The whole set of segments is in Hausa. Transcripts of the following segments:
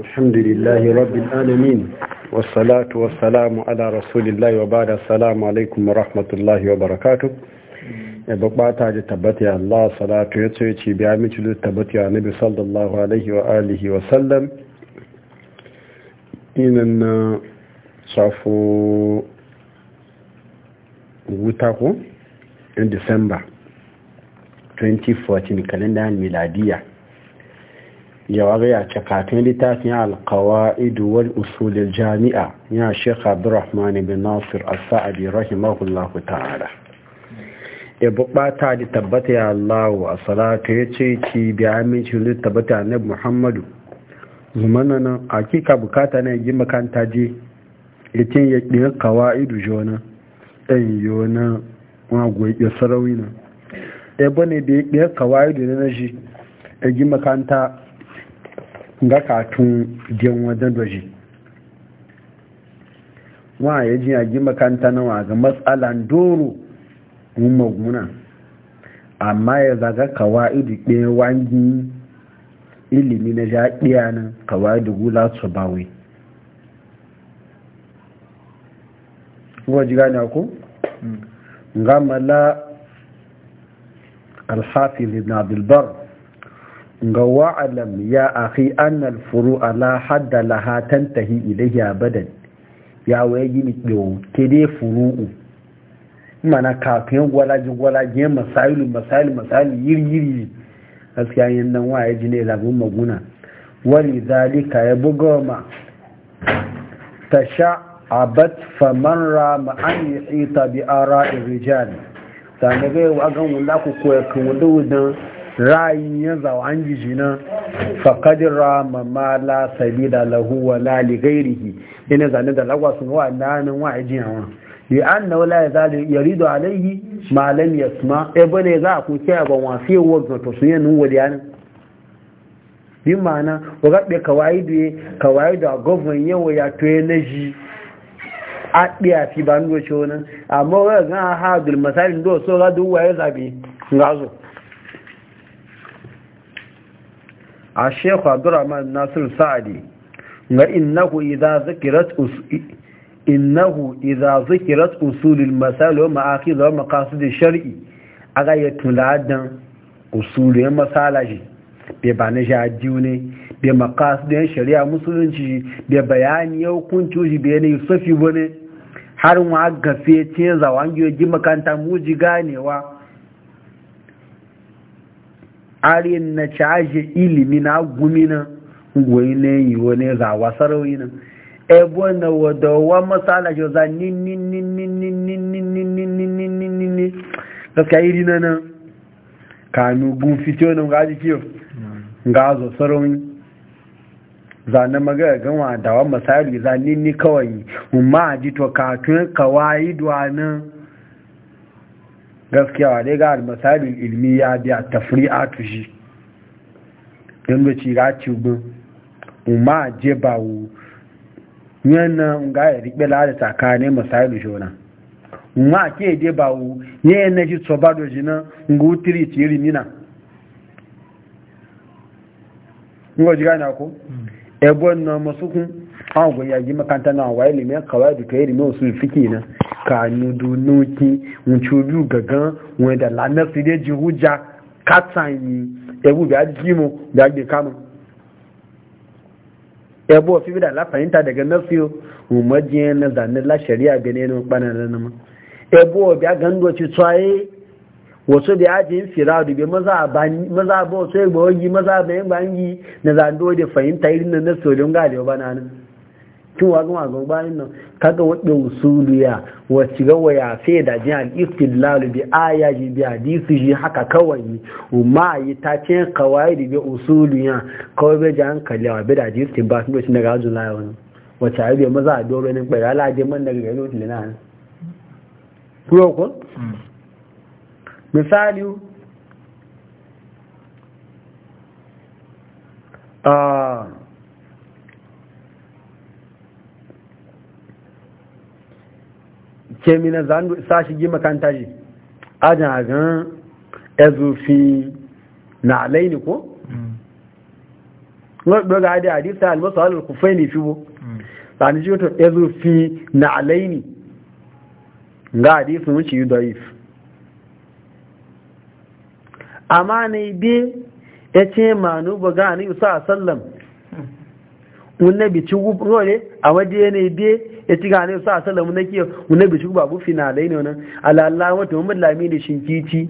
الحمد لله رب العالمين والصلاة والسلام على رسول الله وبعد السلام عليكم ورحمة الله وبركاته bukata da tabbata ya Allah salatu ya ce ci biya miki da tabbata ya nabi sallallahu alaihi wa alihi in december 2014 kalendar miladiya yawa ya cakatun littafin alkawa'idu wal usulil jami'a ya sheikh abdurrahman bin nasir as-sa'adi rahimahullahu ta'ala ibu bata da tabbata ya Allah a salatu ya ce ki bi aminci da tabbata na muhammadu zumana nan hakika bukata na yi makanta je ya ce ya ɗin kawa'idu jona ɗan yona wagoyi ya sarauni nan ebe ne da ya ɗin kawa'idu na na shi ya yi makanta ga katun jin wajen doji wa ya ji yagi makanta nawa ga matsalan doro mun maguna amma ya zaga da ɗaya wangin ilimi na jaɗiya nan kawaidu gula su bawai wajen gani ku? Mm. gamala alhafiz na bilbar ga wa'alam ya akhi annal furu'a la hadda laha tantahi ilayhi abadan ya waye gini do kede furu'u mana kafin gwalaji gwalaji masailu masailu masailu yiri yiri gaskiya yin nan waye jine bu maguna wali zalika ya bugoma tasha abat faman ma! an yi tsita bi ara irijali sanabe wa gan wula ku koya kan wudu wudan ra'ayin ya zawa an jiji nan faƙadin rama ma la sabida da lahuwa la li ina zane da lagwa sun wa nanin wa an hawa li anna wala ya rido alaihi ma lam suma e bane za ku a ban wasi wa to sun yin wali an bi mana wa gabe kawaidu kawaidu a govern yawon ya to ji a ɗiya fi ba ndo ce wani amma wani zan haɗu masalin da wasu, ga duwa ya zabe ngazo a shekhu abdurrahman nasir sa'adi ga innahu idza zikirat innahu idza zikirat usulul masal wa ma'aqid wa maqasid shar'i aga ya tuladan usulul masalaji bai ba na jajune shari'a musulunci bai bayani ya hukunci bai ne safi wani har wa gafe ce zawangiyoyi makanta muji ganewa are na caje ilimi na gumina goyi ne yi wani zawa sarauyi nan ebo na wadawa masala jo za ni ni ni ni ni ni ni ni ni ni ni ni ni ni gaskiya iri na nan kanu gun fito na ga ji kiyo ga zo sarauyi za na magana ganwa dawa masali za ni ni kawai umma ji to tun kawai duwa nan gaskiya wa dai ga almasalin ilmi ya biya tafri'atu shi don da ci ga cibin umma je ba wu yana ga ya riƙe lada tsakanin masalin shona umar ke je ba wu yana shi tsoba da jina ngutiri tiri nina ngo ji gane ko ebon na hmm. masukun an goyayi makanta na wa ilimin kawai da kai ilimin usul fiki na Ka kanu dunuki nchuju gangan wọn da lana fide ji hujja katan yi ebu bi ajimu da agbe kanu ebu fi bi da la fahimta daga nafiyo umarjiyar na zane la shari'a gane na kpanar nama ebu obi a gando ci tsaye wasu da yajin fira bi maza ba wasu ya gbawogi maza ba yin gbangi na zando da fahimta irin na nafiyo don na bananin kin wagon wagon bayan nan kaga wadda usuluya wacce ga ya sai da jin al-istidlal bi ayaji bi hadisi shi haka kawai umma yi ta ce kawai bi usuluya kawai bai ji hankali a bi da hadisi ba su dokin daga ajin layo ne wacce ayi bai maza a doro ne kwaya alaje man daga gari wata lina ne kuyo ko hmm. misali ah ke mina za sa shi gima kanta ji ajin agan ezufi na alaini ko? Mm. ga adi hadisa almasu halar fai ne fi bo mm. sani shi wata ezufi na alaini ga hadisun wuce yi doif amma ne bi ya ce manu ba ga ni yusa a sallam wunne mm. bi ci gufu a waje ne biye? ya ci gane sa salamu nake mun bi shugaba bu finalai ne wannan alalla wata mun lami da shinkici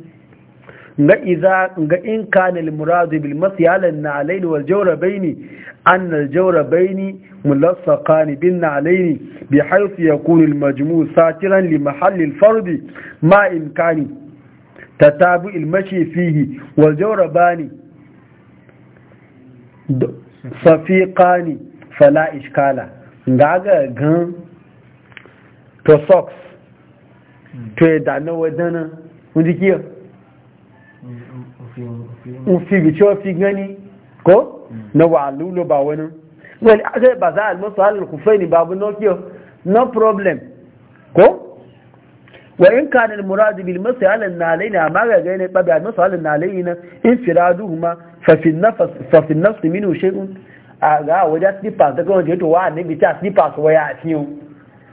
ga iza ga in kana al muradu bil masyalan na alaini wal jawrabaini an al jawrabaini mulassaqan bin alaini bi hayth yakunu al majmu' satiran li mahall al fard ma kani tatabu al mashi fihi wal jawrabani safiqani fala ishkala ga ga gan to socks hmm. to dano wẹ́dánná ń dí kí ọ ń fi ìgbìtí ọ fi gán ní kó wani wà lúlò bà wẹ́nà wẹ́n àṣẹ bàzá àlùmọ́sọ̀ alùkùfẹ́ ní babu náà kí ọ no problem kó wa'in kanin muradu bil masu halin na alayi na magagai ne ɓabi a masu halin na alayi na in firadu ma fafin nafsu minu shi'un a ga wajen slippers daga kawai jeto wa ne bi slippers waya a fiye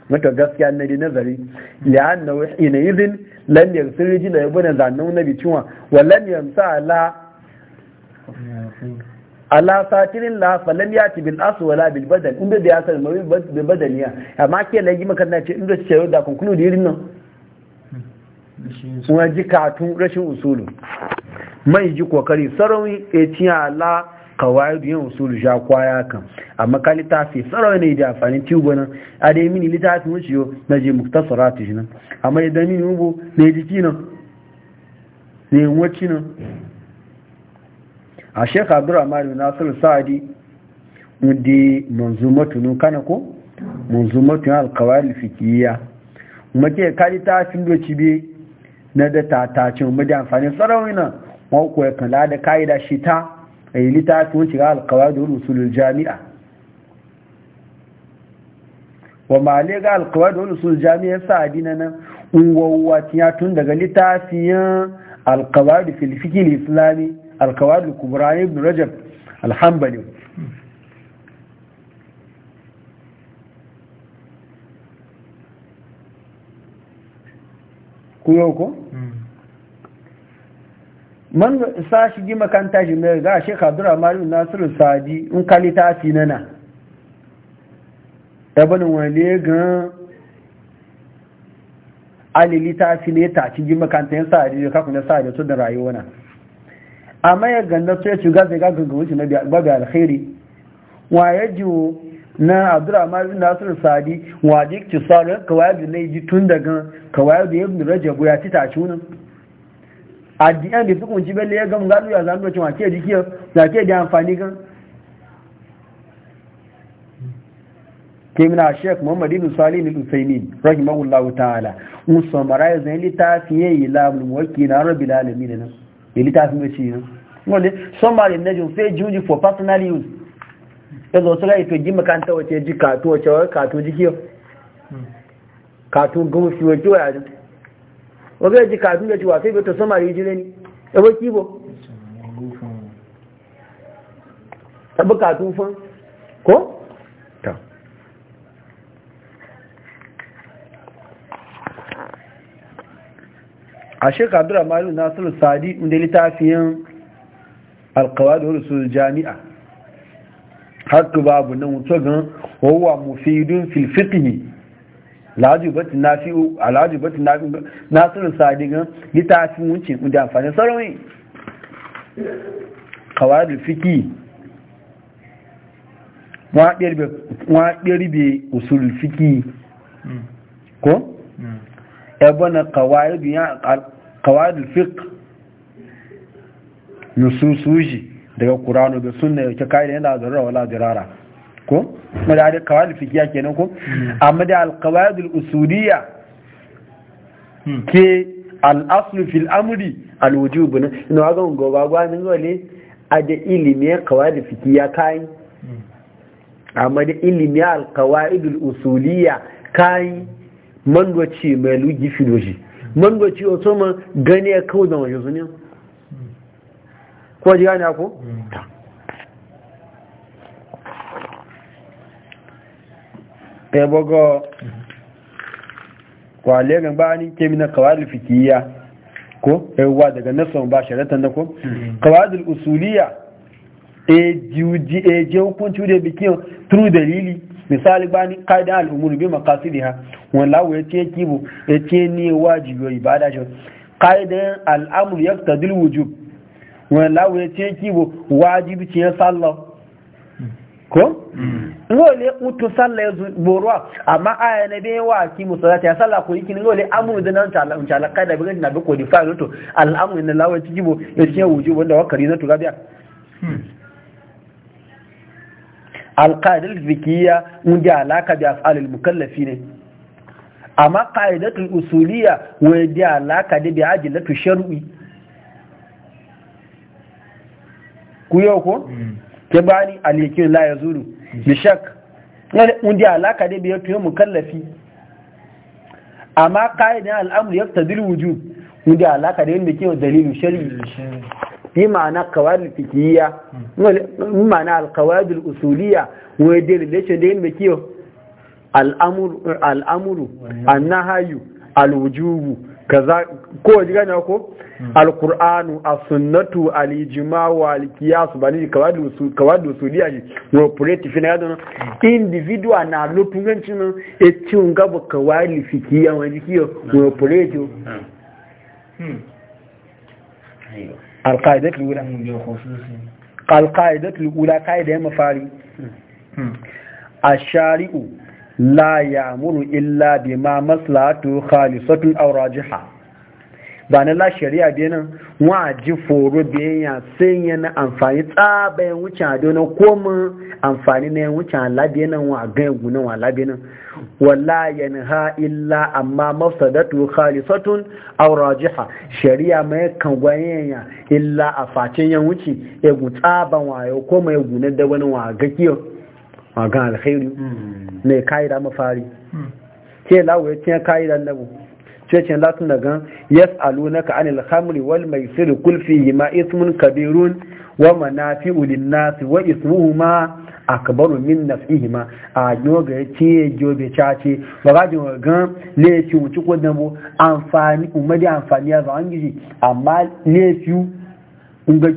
mata gaskiya na nazari li'anna ina izin sirji yagsir yabo na zannu nabi ciwa wa lam sa ala ala satirin la falan ya ti bil as wala bil badal inda da ya san mai bil badal ya amma ke lagi na ce inda ce da kun da irin nan kuma ji katun rashin usulu mai ji kokari sarawi e tiya la kawai yin usul ja kwaya kan amma ka littafi tsaro ne da amfani tubo nan a yi mini littafi mun ciyo na je muktasaratu shi nan amma idan mini na yi jiki nan yi wacci nan a shek abdurrahman na nasir sa'adi wadda manzumatu nun kana ko manzu al-qawaid al-fiqhiyya mace ka littafin doci be na da tatacin mu da amfani tsaro ne nan mako ya kula da kaida shi ta a yi littafin shiga alkawadar usulul jami'a wa male ga alkawadar usulul jami'a sa adina nan unwawatiya tun daga littafin alkawadar filfikil islami alkawadar kubra ibn rajab alhambali kuyoko man sa shi gima makanta shi mai ga shi kadura mari nasiru sadi in kali ta fi nana ɗabanin wale gan alili ta fi ne ta ci gima makanta yin sadi ya kakunan sadi tun da rayuwa na amma ya ganda to ya ci gaza ga gangan wuce na babu alkhairi wa ya jiwo na abdura bin Nasiru sadi wa dik ci sauran kawai da na yi tun daga kawai da ya rajabu ya ci tashi wunan addiyan da suka kunci belle ya gamu gado ya zama cewa ke jiki na ke da amfani gan kemina sheik muhammad ibn salih ibn usaimin rahimahullahu ta'ala un samara ya zai littafi ya yi labul muwakki na rabbi lalami da nan ya littafi mai ci nan wanda samari na jun fai juji for personal use ya zo suka yi to ji makanta wace ji kato wace kato jiki kato gumu fiye kiwa yajin waga ji kafi da ci wasai bai ta sama yi jire ni ɗaba kibo ɗaba katufan ko? ta a shekadura malu nasiru sadi inda littafiyan alkawa da rusul jami'a tu babu nan wuce gan wawa mufidun filfiƙi lajubatu nafi'u a lajubatu nafi'u nasiru sadigan yi ta fi wuce da amfani sarari kawai fiki waɗirbe usul fiki ko? ebana kawai fik nususuji daga ƙuranu da suna yake kayan yana zarra wala jirara ko mada da kawai fikiya kenan ko hmm. amma da alkawaidul usuliya hmm. ke al'aslu fil amri alwujubu na ina waga gan goba gwanin gole a da ilimin kawai fikiya kayan hmm. amma da ilimin alkawaidul usuliya kayi mandoci mai lugi filoji mandoci otoman gani ya kawo da wajen zuniya ko ji gane ako? ta tebogo ebogo kwalerin ke mina kawai fikiyya ko yawwa daga nasan ba sharatan da ko hmm. kawai usuliya e e je hukunci da bikin turu dalili misali bani al umur bi maqasidiha wallahu yace kibo yace ni wajibi ibada jo shi kaidan al'amru yaqtadil wujub wallahu yace kibo wajibi ce sallah hmm. ko hmm. lole utu salla ya borwa amma aya na be wa ki musallata ya salla ko yiki lole amuru da nan tala inshallah kada bi na be ko di fa to al'amru na lawa ci gibo ya ce wuju wanda wakari na tuga biya hmm. alqaidal fikiyya mun ji alaka bi af'al mukallafi ne amma qaidatul usuliyya wai di alaka da bi ajilatu shar'i ku yau ko hmm. ke bani al-yakin la yazuru bishak wanda ya alaka dai biyar tuyo mukallafi amma ka'idin al'amur ya fita dil wuju wanda ya alaka da yadda kewa dalilu shari'i Yi ma'ana kawai fikiyya bi ma'ana alkawai usuliya wani dalilation da yadda kewa al'amuru annahayu alwujubu kaza ko ji gane ko alqur'anu as-sunnatu al-ijma' wa al-qiyas bani kawadu su kawadu su dia ji no preti fina yadon individual na lotunganci chin e ti unga bo kawali fikiya wa kiyo no preti al-qaidatu al-ula al-qaidatu al-ula qaida mafari hmm. ash-shari'u la ya muru illa ma maslahatu khalisatun aw rajiha ba na la shari'a bi nan a ji foro bi ya sai yana amfani tsaba ya wuce ado na koma amfani na ya wuce alabi nan wa ga gunan wa alabi nan wala yanha illa amma mafsadatu khalisatun aw rajiha shari'a mai kan gwayen ya illa a facin ya wuce egu tsaban wayo koma ya gunan da wani wa ga kiyo magan alkhairi hmm. kai da mafari hmm. ke lawo ya ce da nabu la tun daga yas alunaka anil khamri wal maisir kul fihi ma ismun kabirun wa manafi'u lin-nasi wa ismuhuma akbaru min naf'ihima a yoga yace jobe chace ba ga jin ga ne ci wuci ko nabu amfani umma da amfani ya zangiji an amma ne fi unga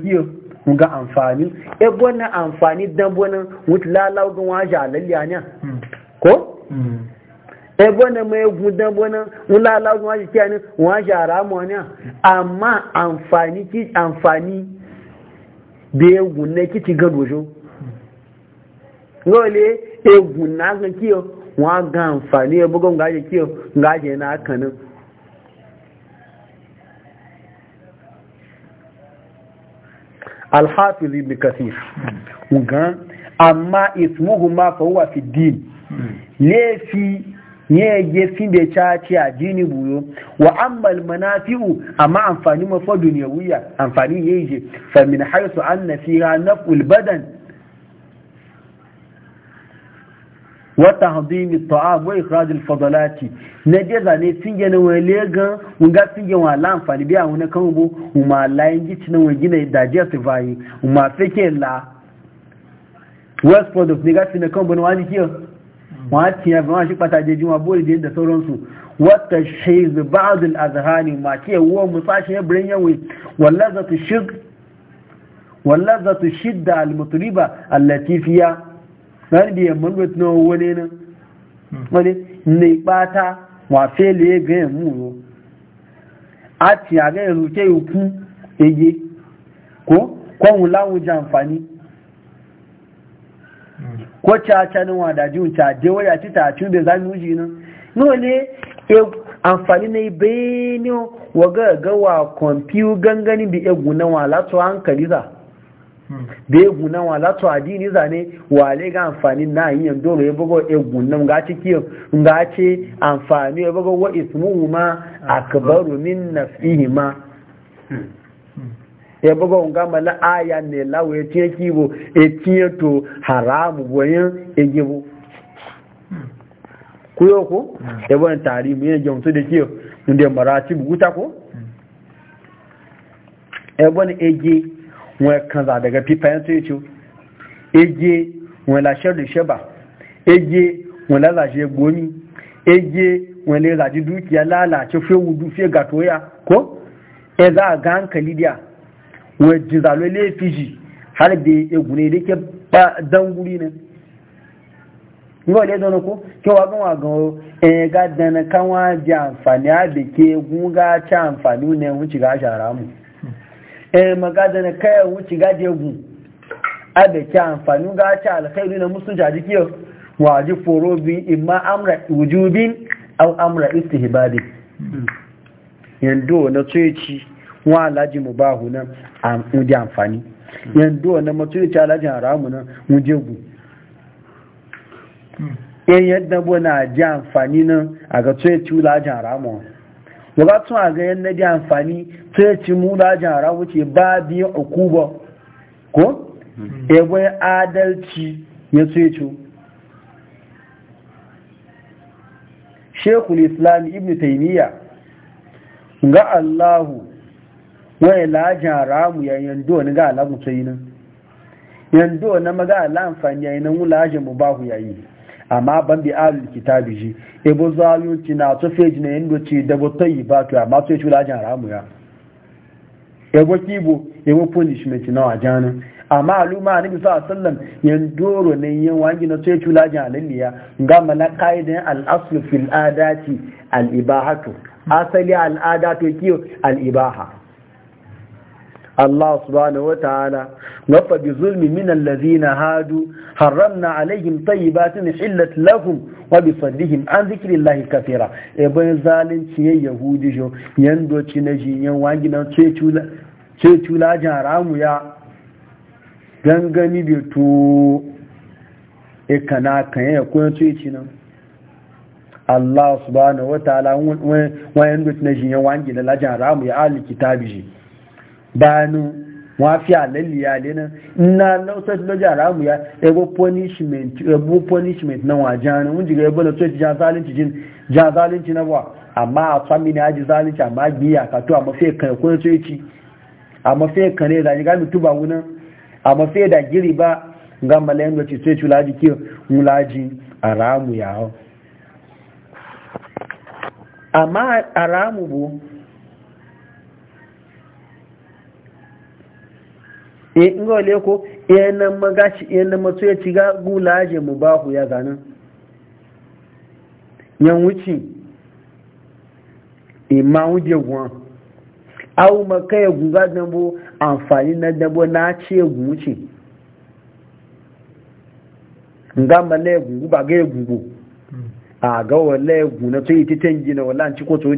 ga amfani ebo na amfani dan bonin wuta lalau ga waje alalya ne ko hmm. ebo na mai egun dan bonin wuta lalau ga waje kiyani waje aramu ne amma amfani ki amfani da egun e na kici ga dojo ngole egun na ga kiyo wa ga amfani ebo ga ga kiyo ga je na kanin alhafiz ibn kathir amma ismuhuma fa huwa fi din lefi ne gefin da caci a jini buyo wa ammal manafi'u amma amfani mafa duniyawiya amfani yayi fa min haythu anna fiha naf'ul badan wata hadimi ta'am wa ikhraj al-fadalati na je zane tinge na wele ga nga tinge wa la amfani biya wona kan bu uma la yin gici na wa gina da je su vayi uma feke la west product ni ga tinge kan bu wani kiyo wa ya ba shi pata je juma boli da sauransu wata shiz ba'd al-azhani ma ke wo musashi ya brin yawi wallazatu shid wallazatu shidda al-mutliba allati fiya galibi yamman wet na wani nan wani ne bata wa fele ya gaya yammu yo a ti a gaya ruke yi ku ege ko kwanwu lawun ji amfani ko caca nan wada jiun ca je ya ci ta ci da zami uji nan no ne e amfani na ibe ne wa ga gawa kwamfiyu gangani bi egwu na wa latuwa hankali za da egun nan wa latu adini zane wale ga amfani na yi yan dole ya bugo e gunan ga ciki ga ce amfani ya bugo wa ismuhu ma akbaru min nafsihi ma ya bugo ga mala aya ne lawo ya tiye kibo e tiye to haramu boyin ya kuyo ko ya bon tari mu ya jamsu da kiyo inda marati buguta ko ya bon ege wọn kan za daga fifayen su yace eje wọn la sharri shaba eje wọn la zashe eje wọn la dúkìá dukiya lalace fe wudu fe gatoya ko e a ga hankali dia wọn ji zalo le fiji da egu ne da ke ba dan guri ne ngo le dono ko ke wa gan wa gan e ga dana kan wa amfani a da ke gun ga ci amfani ne mun ci ga shara mu eh magada na kai wuci gade gu a da ke amfani ga ta alkhairu na musulunci a jiki waji foro bi imma amra wujubin aw amra istihbabin yando na tsoyici wa alaji mubahu nan a wuje amfani yando na matsoyici alaji haramu na wuje gu yan hmm. eh, yadda bu na ji amfani nan a ga tsoyici wula alaji haramu wa ba tun a ga yan da amfani ta ya ci muna jara wuce ba biyu ukuba ko ebe hmm. adalci ya ce ce shekul islam ibn taimiyya ga allahu wani lajan ramu yayin doni ga alamun sayi nan yando na maga ala amfani yayin nan wula ajin mu bahu yayi amma ban bi alul kitabi ji ebo ti na to feji ne ndo ti da botai ba to amma to la lajin haramu ya ebo kibo ebo punishment na wajana amma aluma ni bisa sallam yan doro ne yan wangi na to la lajin halalliya ga mana qaidan al aslu fil adati al ibahatu asali al adatu kiyo al ibaha Allah subhanahu wa ta'ala wafa bi zulmi min allazina hadu haramna alaihim tayyibatin hillat lahum wa bi saddihim an zikrillahi kathira e bayan zalunci ya yahudi jo yando ci na ji yan wangi na ce tula ce tula jaramu ya gangani bi to e kana kan ya ko ce ci nan Allah subhanahu wa ta'ala wayan na shi yan wangi da lajan ramu ya alkitabi shi banu wafi alalliya ne na ina lausar loja ramu ya ego punishment ego punishment na wajen mun jiga ebo na tsoci jan zalunci jin jan zalunci na ba amma a tsami ne aji zalunci amma biya ka to a mafi kan ko tsoci a mafi kan ne da ga mutu ba wuna a mafi da giri ba ga malayan da tsoci laji ki mulaji a ya amma aramu ramu bu e in ga ko yanan e, magashi yanan e, matsu ya ci gulaje mu ya zanen yan wuce imma wuje guwan au maka guga dambo amfani na dambo na ce gun nga ya ba ga hmm. a ga wala na to yi titan gina wala an ci ko to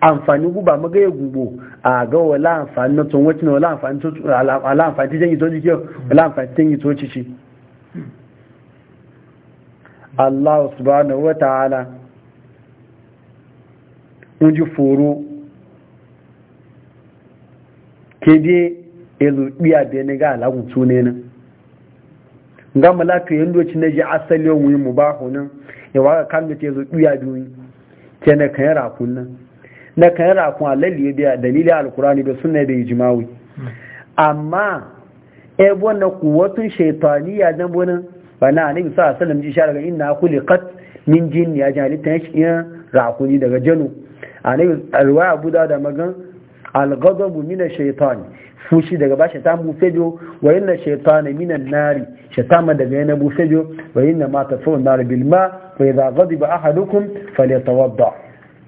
amfani guba maga ya gubo a ga wala amfani na tun wacin wala amfani to wala amfani tijan yi toci wala amfani tijan yi toci ci Allah subhanahu wa ta'ala in ji foro elu biya da ga alagun tune nan ga malaka yin na ji asali yawon mu ba hunan yawa ka kan da ce zo biya duni kenan kan yara kunnan na kan rakun alalli biya dalili alkurani da suna da jima'i. amma e wannan kuwatun shaytaniya dan bonan bana annabi sallallahu alaihi wasallam ji shara ga inna kat min jin ya jali ta shi rakuni daga janu annabi riwaya abu da magan al-ghadabu min fushi daga ba shaitan bufejo wa inna na min an-nari shaytama daga yana bufejo wa inna ma tafu an-nar bil ma fa idha ghadiba ahadukum falyatawadda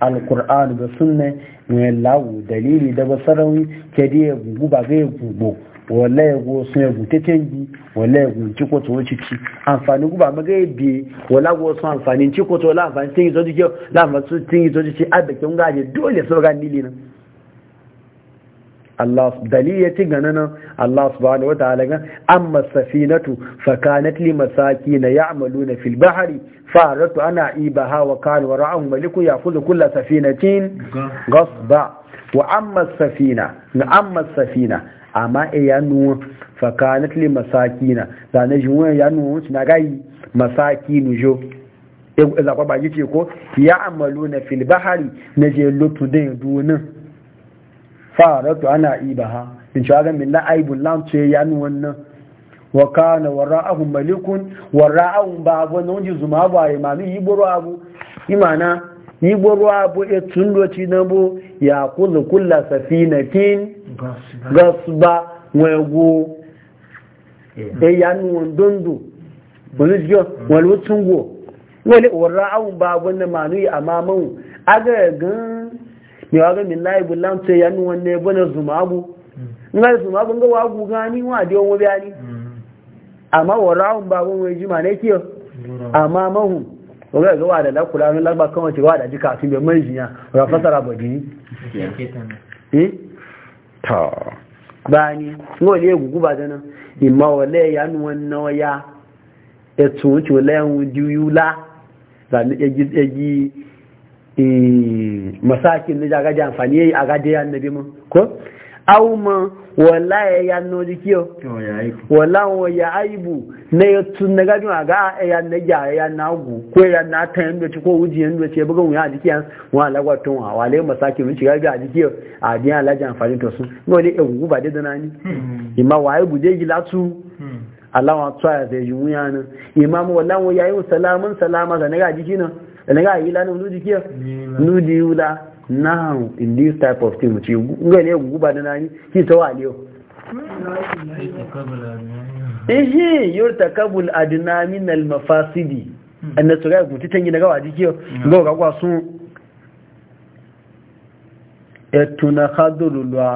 alkur'an da sunna mai lawo dalili da basarawi ke da ya gugu ba zai gugu wala ya go sun ya gute tengi wala ya gunci ko to ciki amfani guba ma ga bi wala go sun amfani ciki ko to la amfani tengi to dike la amfani tengi to dike a da kin gaje dole so ga Allah daliyati ganana Allah subhanahu wataala ga amma safinatu fakanat li masakin ya'maluna fil bahri faratu ana ibaha wa kana wara'un maliku ya'khudhu kull safinatin ghasba wa amma safina na amma safina amma e yanu fakanat li masakina zane juwan yanu na gai masakinu jo e zakwa ba yace ko ya'maluna fil bahri je lutu din dunin faratu ana ibaha in ci agan min la'aibun lamce ya nu wannan wa kana wara'ahum malikun wara'ahum ba abu na wunji zuma abu a yi mami yi gboro abu imana yi gboro abu ya tun loci na bu ya kuzu kulla safinatin gasba wego da ya nu wandondo wani jiyo wani wutsun go wani wara'ahum ba abu na manu yi amaman aga gan Ni wa ga min lai bulan ce yan wanne bana mm. zumabu ngal zumabu ga wa gu gani wa de won biani mm. amma warawun babun wai jima ne kiyo amma mahu ga ga wa da la kula ni lagba kan wace wa da jika sun be man jinya fasara bodi eh ta bani ngole gugu ba dana imma wale yan wanne waya da e ni e e Eh, masakin na jagaji amfani yayi a gade ya nabi mun ko aw ma wala ya ya no dikiyo wala wa ya aibu na ya tun na gajin a ga ya na ja ya na gu ko ya na ta yanda ci ko wuji yanda ce bugun ya dikiya wa lagwa tun wa wale masakin mun shiga ga dikiyo a biya alaji amfani to sun no ne ewu ba da dana ni hmm. imma wa aibu je gilatu hmm. Allah wa tsaya zai yi wuyana imam wallahu yayi salamun salama ga na gaji kinan ẹni yìí lánà lódì kí ẹ lódì yìí la now in this type of thing hmm. ti ngẹ ní ẹgbùgbù bá dandan ní kí ìtọ́ wà lé ọ. ihi yóò takabul adina min almafasidi ẹni sọ̀rọ̀ ẹ̀gùn títẹ́ yìí nàgá wà dí kí ẹ gbọ́ ọ̀gá wà sún. ẹ̀tùnà náà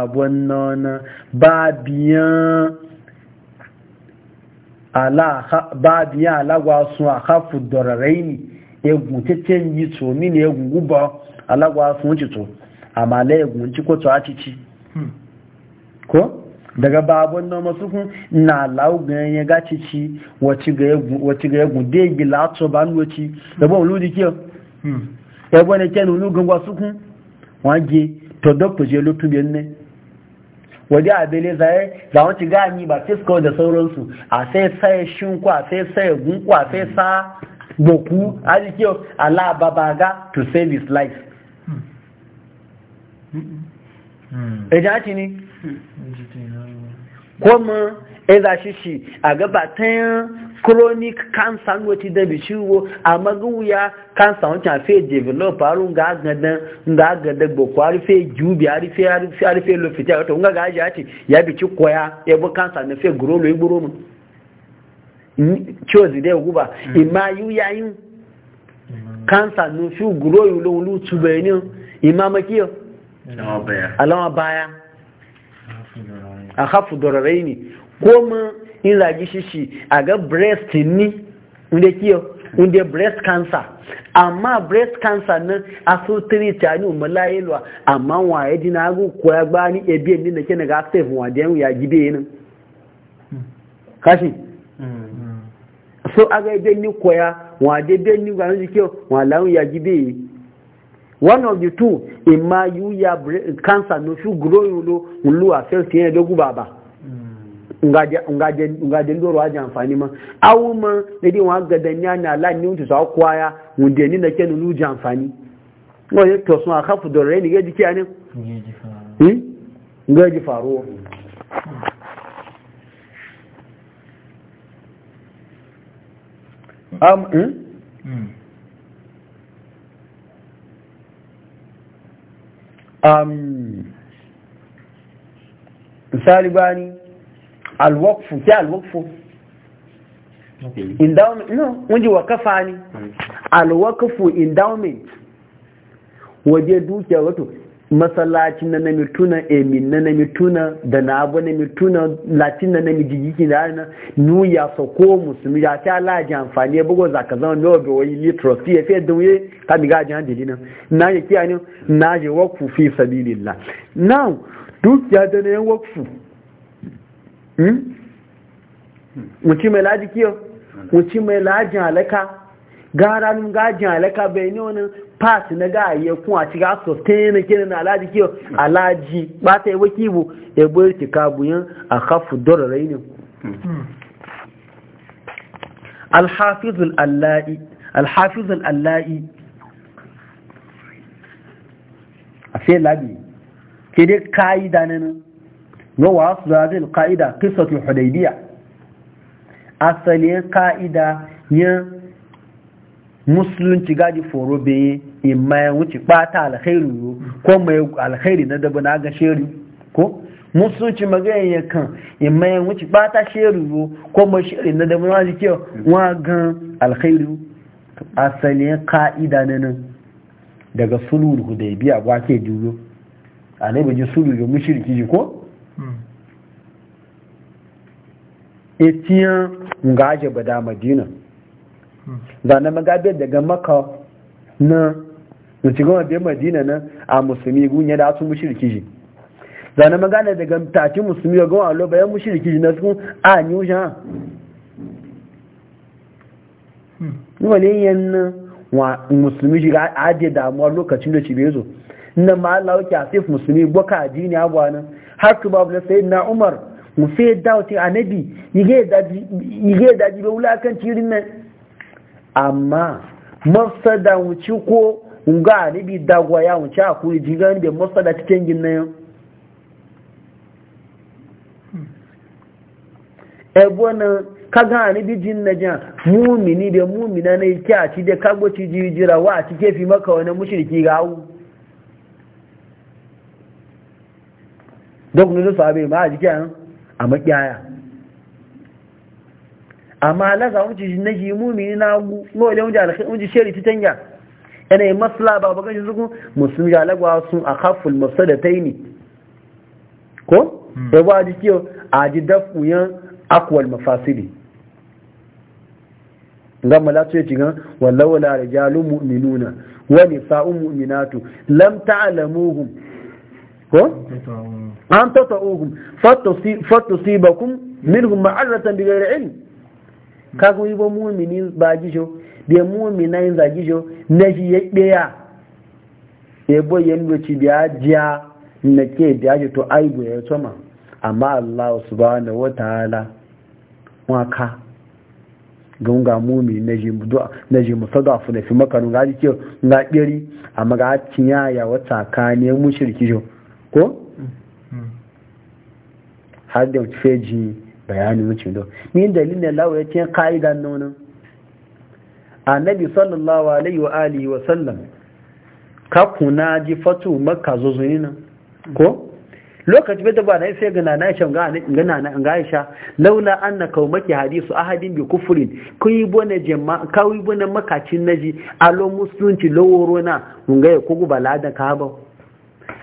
àbọ̀ náà bá bìyàn. ala ba biya alagwa sun a kafu dorarai egwu tete nyi to mini egwu guba alagwa sun ci to amma la egun ko daga babon na masu kun na laugun ya ga cici wacce ga egun da yi lato ba nwoci ebe olu oludi kiyo hmm. ebe ne kenu olugun wasu kun wọn ge to dokto je lotun bi ne waje a bele zaye za wanci gani ba fisko da sauransu a sai sai shinku a sai sai gunku a sai sa boku a jike ala babaga to save his life hmm. ejan ci ni hmm. Hmm. ko mu eza shishi a gabatan chronic cancer wati da bi wo amma guya cancer wancan fe develop aru ga gadan ga gadan bo kwari fe bi ari fe ari fe ari fe lo fita to nga ga ja ati ya bi ci koya e bo cancer na fe gro lo igboro mu chozi de guba hmm. ima yu ya yin hmm. cancer no fi gro yu lo lu tube ni ima baya alama baya akhafu dararaini ko in zagi shishi a ga breast ni inda kiyo inda breast cancer amma breast cancer na a so tiri amma wa ya na ya gba ni ebi ni na kina ga safe wa da ya gibe kashi hmm. so aga ebe ni ya wa de be ni ga ni kiyo wa ya gibe one of the two ya cancer no fi grow nlu ngajen doro aji amfani ma awu ma na di wa gadan ya na la ni wuce sa kwaya wunde ni na ke nunu ji amfani ngo ye to sun akafu do re ni ge di kiyanin nge ji faruwa hmm? am hmm? Hmm. am misali bani alwakfu ki alwakfu okay. endowment no wunji wakafa mm. alwakfu endowment waje duke wato masallaci na na mituna emin na na mituna da na abu na mituna latin na na mijigiki da na nu ya sako musulmi ya ta laji amfani ya bugo zaka zama no be wai literacy ya fiye da wuye ka mi gaji han dilina na ya kiya ne na je wakfu fi sabilillah now duk ya da na wakfu Hmm? wuce mai laji kiyo wuce mai laji halaka gara nun gajin halaka bai ne wani pass na ga ya kun a cikin sustain na kiran alaji kiyo alaji ba ta yi waki bu ya bai tika buyan a kafu rai ne alhafizul allahi alhafizul allahi a sai labi ke dai kayi da wa wasu zazin ƙa'ida kisatul hudaybiya asali ƙa'ida yin musulunci gaji foro beye imma ya wuce ɓata alkhairu ko mai alkhairi na dabu na ga sheri ko musulunci magayin ya kan imma ya wuce ɓata sheri ko mai sheri na dabu na jike wa gan alkhairu asali ƙa'ida na nan daga sulul hudaybiya ba ke juyo a ne bai ji sulul ga mushriki ko etiyan nga aje bada madina zane magabiyar daga maka na nuci goma biyar madina na a musulmi gunye da su mushiriki ji zane magana daga tafi musulmi ga gawa lo bayan mushiriki ji na sun a ni wuce ha wani yan wa musulmi ji ga aje damuwa lokacin da ci bai zo nan ma Allah ya musulmi boka addini abuwa na har ku babu na sayyidina Umar mu fe dauti anabi yige daji yige daji kan cirin nan amma mafsada wuce ko nga anabi dagwaya wuce a kuri jigan da mafsada cikin gin nan ka na kaga anabi jin na jan mumini da mumina na yake a ci da kagbaci jirgin wa a cike fi maka wani mushirki ga awu dɔnku ne sɔ a bɛ yen maa a makiyaya amma laza wuce na ji mumini na gu nole wuce alkhai wuce shari ta canja yana yi masla ba bakan shi suku musulmi galagwa sun a haful masu da ta yi ne ko? da hmm. ba ji kiyo a ji dafuyan akwal mafasiri ga malatu ya ci gan wallawala da rijalun mu'minuna wani sa'un mu'minatu lam ta'alamuhum ko an tata'uhum fatusibakum minhum ma'arratan bighayri ilm ka ko yibo mu'mini ba gijo be mu'mina yin za gijo na shi ya daya ya bo yan doci biya jiya na ke biya ji to aibu ya tsoma amma Allah subhanahu wataala wata gunga mumi na ji du'a na ji musadafu na fi makanu ga ji ke ga biri amma ga cinya ya wata kane ko hmm. har da wata feji bayanin wucin don ni dalilin lawa ya ce ka'idan nonon annabi sallallahu alaihi wa alihi wa sallam ka kuna ji fatu makka zozuni nan ko lokaci da ba na sai ga nana Aisha ga nana ga Aisha laula anna kaumaki hadisu ahadin bi kufrin kuyi bone jama kawi bone makacin naji alo musulunci lowo na mun ga ko gubala da ka ba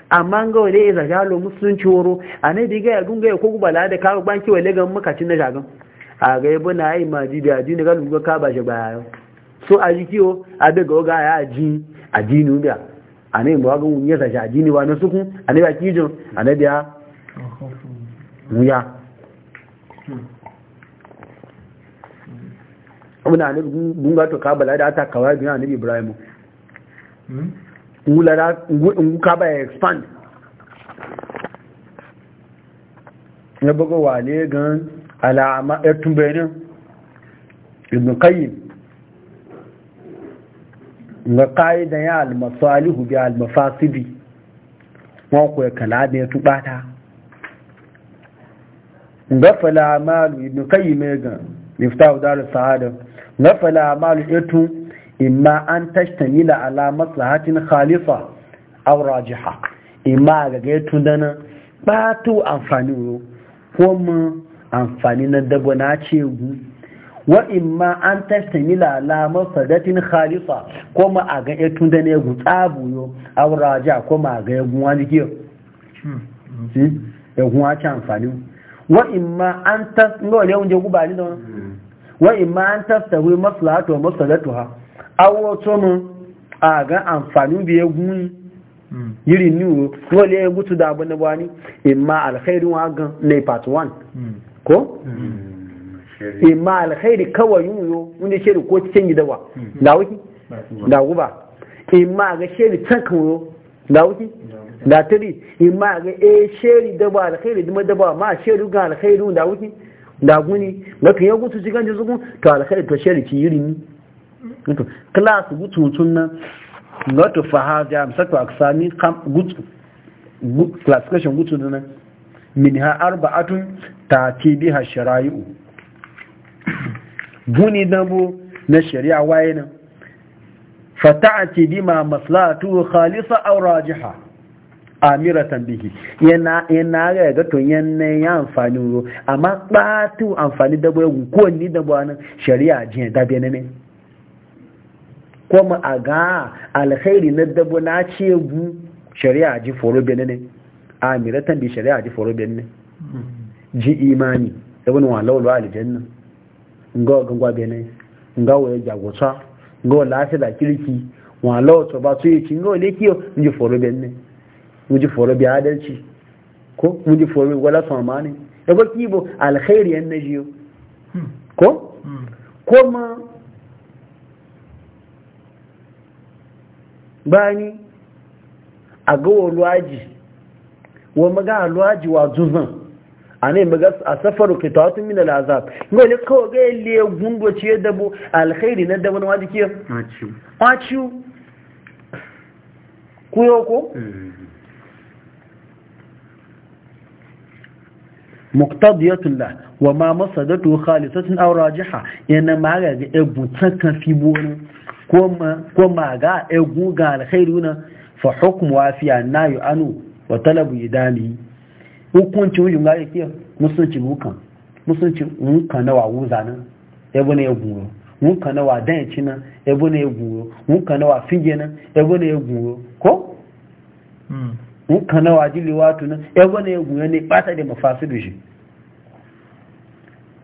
amma ga wale ya zaga lo musulunci woro a ne diga ya gunga ya kogu bala da kawo banki wale ga makacin na shagan a ga yabo na yi maji da aji ne ga lugu ka ba shi bayan so a ji kiwo a daga oga ya aji addini da a ne ba ga ya zaga addini ba na sukun a ne ba kijin a ne biya muya muna ne gunga to ka bala da ta kawai biya ne ibrahim hmm? wulara nguka ba ya expand ya buga wale gan alama ya tumbenin ibn qayyim ga ƙa'idan ya almasalihu bi almafasidi wọn kuwa kala da ya tubata gafala malu ibn qayyim ya gan miftahu daru sa'adar gafala malu ya tun imma an tashtamila ala maslahatin khalifa aw rajiha imma ga ga tudana batu amfani ro ko mu amfani na dabo na ce gu wa imma an tashtamila ala maslahatin khalifa ko mu a ga ya tudana gu tsabu yo aw rajiha ko mu a ga ya gu wani kiyo ya gu wa ci amfani wa imma an tas ngo ne unje gu ba ni da wa imma an tastawi maslahatu wa maslahatuha awo to a ga amfani da ya hmm. yiri ni wo wale ya gutu da abin da bani imma alkhairi wa ga na part 1 hmm. ko hmm. imma alkhairi kawai yi yo wanda shiri ko cikin gidawa da wuki da guba imma ga shiri can kan yo da wuki da tiri imma eh, ga eh shiri da ba alkhairi da da ma shiri ga alkhairi da wuki da guni ga kan ya gutu cikin jizugun to alkhairi to shiri ki yiri ni class na nan not fa haja amsatu aksami gut classification gututun nan minha arba'atun tati biha shara'i'u guni dambo na shari'a waye nan fata'ati bima maslahatu khalisa aw rajiha amiratan bihi yana yana ga ga to yanne ya amfani ro amma batu amfani dabo ko ni dabo nan shari'a jin dabe ne ne kuma a ga alkhairi na dabo na ce gu shari'a ji foro bene ne amiratan bi shari'a ji foro bene ji imani ibn walawlu aljanna ngo gangwa bene ngo waye jagosa ngo lafi da kirki walaw to ba su yi ngo le kiyo ji foro bene ji foro bi adalci ko ji foro wala samani da ba kibo alkhairi yan najiyo hmm. ko hmm. ma. bani a ga wa luwaji wa maga a luwaji wa zuzan a ne maga a safaru ke tawatun min al'azab wani kawai ga yalle gungo, ce dabo alkhairi na dabo na wajen ke kwaciu kuyo ko ya la wa ma masadatu khalisatun aw rajiha yana magaga ebu takan fi bonin ko ma ga egu ga alkhairu na fa hukmu wafiya na yi anu wa talabu idani hukunci wujin ga yake musulunci bukan musulunci nkan na wawu zanen ebe na egwuro nkan na wa danci na ebe na egwuro nkan na wa fige na ebe na egwuro ko nkan hmm. na wa diliwatu na ebe na egwuro ne bata da mafasidu shi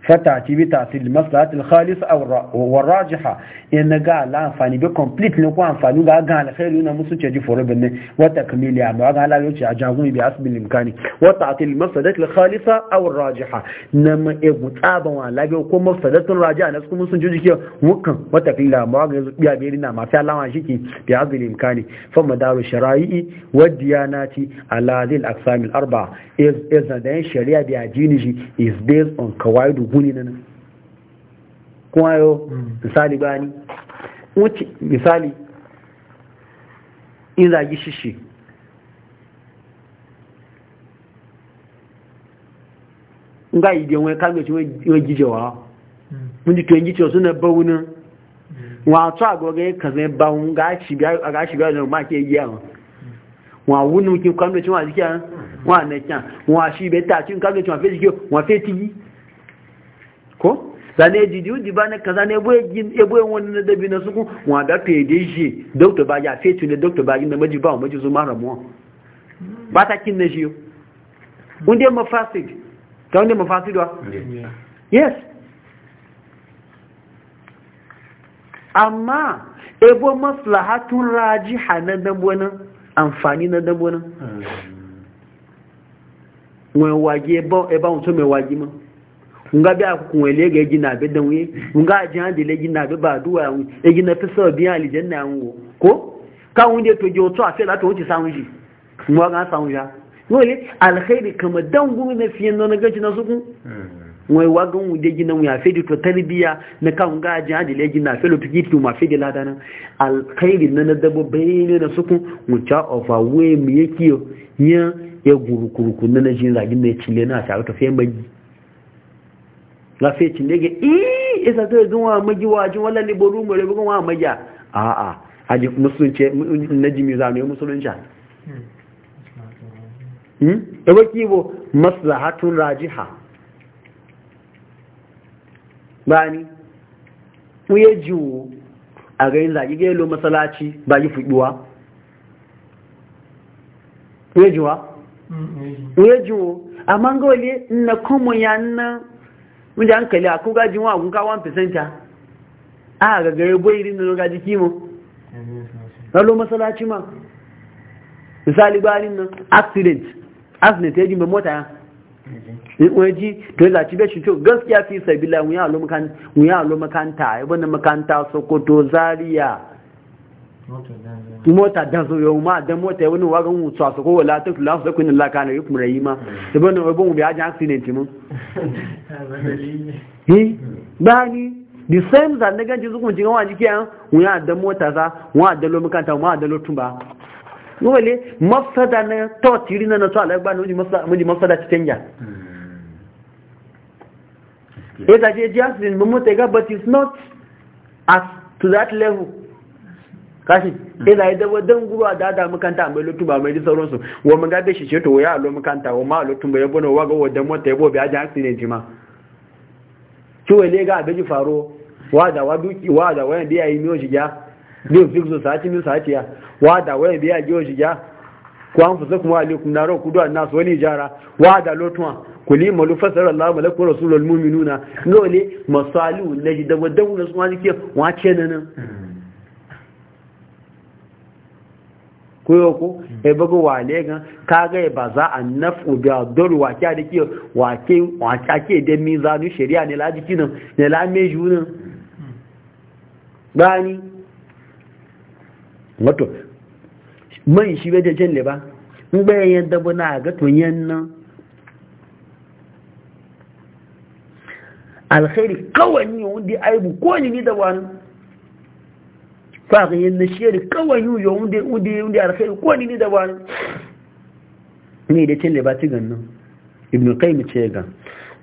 fatati bi tasil maslahatil khalis aw rajiha in ga la amfani bi complete ne ko amfani ga ga alkhairu na musu ce ji foro binne wa takmili amma ga la yoci a jagun bi asbil imkani wa tatil maslahatil khalisa aw rajiha nam e gutsaban wa labe ko mafsadatun rajiha na su musun juji ke mukan wa takmili amma ga yanzu biya bi rina ma fi alama shiki bi asbil imkani fa madaru shara'i wa diyanati ala dhil is shari'a bi is based on kawaidu buni nan kuma mm. misali bani wuce misali in zagi shishi nga ide wọn kagbe tí wọ́n jíjẹ wá wọ́n ti tó ẹjí tí ó súnà bá wọn náà wọ́n àtọ́ àgbọ̀gẹ́ kàzẹ́ bá wọn gáàṣìbí àwọn máa kí ẹyẹ àwọn wọ́n àwúnú kí kagbe tí wọ́n àti kí ko zane jijiyu jibane kaza ne boye eboye wani na dabi na suku wa da fede shi doctor ba ya fetu ne doctor ba inda maji ba maji zo mara mu ba ta kin ne shi unde mafasid ta unde mafasid wa yes amma ebo maslahatun rajiha na dabonin amfani na dabonin wọ́n wàgí ẹbá ohun tó mẹ́wàgí ma. nga bi aku kun wele ga e gina be dan wi nga jan de le gina be ba duwa wi e gina fi so bi ali janna wo ko ka wunde to jo to afi la to wuce sa ji mo ga sanwi ya wole alkhairi kama dan gumi na fiye na hmm. gaji na suku wai wagan wuje gina mu ya to tarbiya na kan ga jan de le gina lo to gitu ma fi de la dana alkhairi na na dabo bayne na suku mu cha of a way mu yake ya ya gurukuruku na na jin na ne cile na ta to fiye bangi na sai cin daga ii isa ta zuwa wa magi wajin wala ne boru mu rabu wa magiya a a haji musulunci na jimi za mu yi musulunci hmm da baki bo maslahatun rajiha ni mu ya jiwo a ga yin zaki ga yalo masalaci ba yi fuduwa mu mm, ya jiwa mu ya jiwo amma ga wale na kuma ya mun ji hankali a kuka jin wa kuka 1% a gagare boye irin da gaji kimo ralo masalaci ma misali bayanin nan accident accident ya ji mai mota ya ji to yana ci shi to gaskiya fi sabila mu ya alo makanta ya bane makanta sokoto zaria mota da zo yau ma da mota wani wa gan wuce su ko wala ta kula su kun Allah kana yukum rayima to ban wa ban bi ajan accident mu? eh bani the same zan daga ji zukun jin wani kiyan wa da mota za wa da lo makanta wa da lo tumba wale mafsada na to tiri na to Allah ba ni mafsada mun mafsada hmm. eh, ta canja eh da je accident mun mota ga but it's not at to that level kashi ina yi dawa don guruwa da da makanta mai lutu ba mai ji sauransu wa mun gabe shi ceto ya alo makanta wa ma lutu Ya bono wa ga wadda mota ya bobe ne ji ma ki ne ga abin faro wa da wa duki wa da wayan biya yi miyo shiga biyu fi zo sati miyo sati ya wa da wayan biya giyo shiga ku an fusa kuma alaikum na ran kudu annas wani jara wa da lotuwa kuli malu fasara Allah malakun rasulul mu'minuna ngole masalu lahi da wadda rasulun wa wace nan koyo ko e bago wale gan ka ga e ba za a nafu da dor wa kya da kiyo wa ke wa kya mi za ni shari'a ne la jiki nan ne la ju nan bani wato mai shi bai da ne ba in bayan yadda buna ga to yan nan alkhairi kawai ne wanda aibu ko ni da wani kwa ga yin na shiri kawai yi yau unde wunde wunde alkhairi ko ni da wani ne da cin libati ibn qayyim ce ga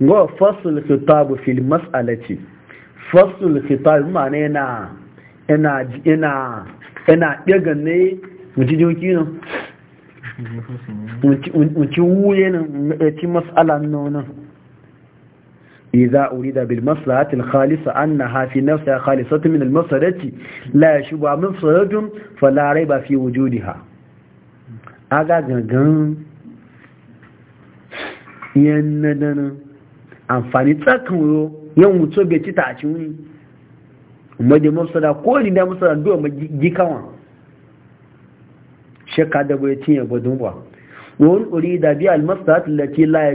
wa fasl khitab fil mas'alati fasl khitab ma'ana yana yana yana yana daga ne mutum jinki nan mutum wuye nan ci mas'alan إذا أريد بالمصلحة الخالصة أنها في نفسها خالصة من المصلحة لا يشبه مصلحة فلا ريب في وجودها aga gangan yan nadana amfani tsakuro yan wuto bai ci taci wuni umarda mafsada ko ni da mafsada duwa magikawa shakka da bai cinye gudunwa wani uri da biya almasta lati la ya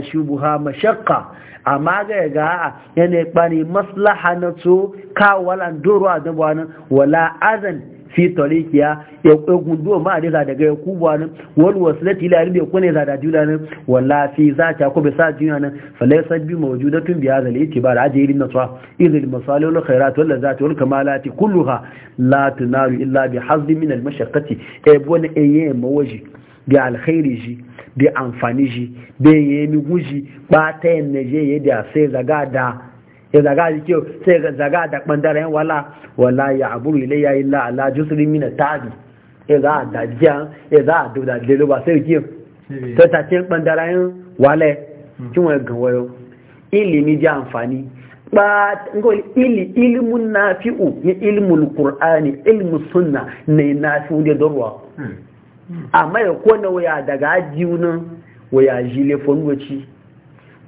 amma ga ga a yana bani maslaha na to ka wala ndoro a dabuwa nan wala azan fi tarikiya ya gundo ma da daga ya kubuwa nan wani wasilati da ya kone za da juna nan wala fi za ta ko sa juna nan falai sabbi mawjudatun bi hadha al-itibar ajri an-nasra idh wanda masalih ta khairat wal lazat wal kamalati kulluha la tunaru illa bi hazmi min al wani e bona eye mawaji da alkhairi shi da amfani shi da yayi ni guji ba ta yin naje ya da sai zaga da ya zaga da kyau sai zaga da yan wala wala ya aburu ilayya illa ala jusri min tabi ya za da jiya ya za da da ba sai kyau sai ta hmm. cin bandara yan wala kin wani gawayo ilimi ji amfani ngol ili ilmun nafi'u ni ilmul qur'ani ilmus sunna ne nafi'u da dorwa. Hmm. amma ya kone waya daga ajiyunan waya jile fonwaci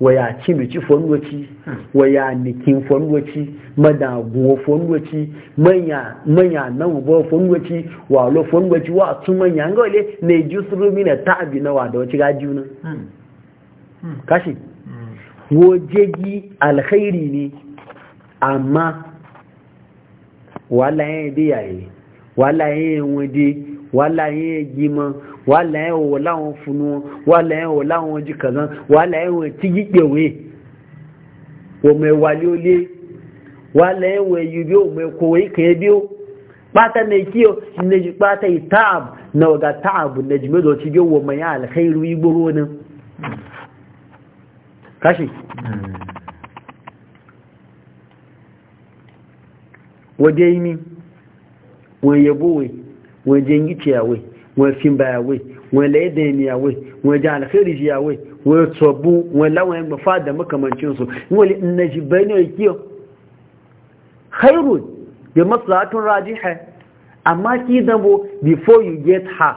waya cimici fonwaci waya nikin fonwaci madaguwa fonwaci manya nan ubo fonwaci walo fonwaci wa tun manya ga wale na iji surumi na ta'abi na wada wacce gajiyunan hmm. hmm. kashi hmm. wajegi alkhairi ne amma wala yayin da yayi wala yayin wade wala yin gima wala yin wo lawon funu wala yin wo ji kazan wala yin wo ti gigewe wo wali ole wala yubi ko bi ne o ne ji pata itab na taab ne ji me do ti jo wo me ya alkhairu kashi ni wọ́n jẹ́ yíkẹ́ yàwó wọ́n fi bá yàwó wọ́n lẹ́ẹ̀dẹ̀ ní yàwó wọ́n jẹ́ alkhairi ji yàwó wọ́n bú wọ́n láwọn ẹgbẹ̀ fada makamancinsu wọ́n na ji bẹ́ẹ̀ khairu amma before you get her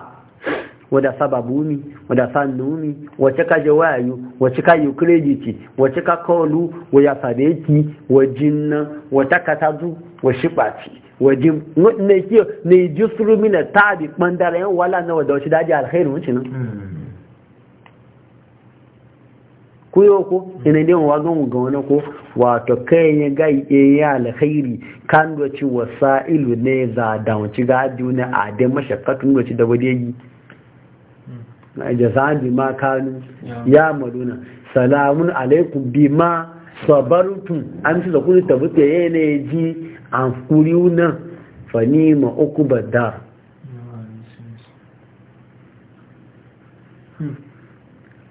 wada sababu mi wada sannu mi wace ka jawayu wace ka ukrediti wace ka waya wata wa shibati wajin ne kiyo ne jisru mina bi bandara yan wala na wadda wace daji alkhairu wuce nan kuyo ko ina yi wa gan ga wani ko wato kai ya ga e ya alkhairi kan doci wasa ilu ne za da wuce ga wani a da mashakkatun do ci da wadeyi na hmm. jazabi ma kanu ya maduna salamun alaikum bima sabarutun an su da kuni tabbata yana ji an kuriyu na fanima uku badda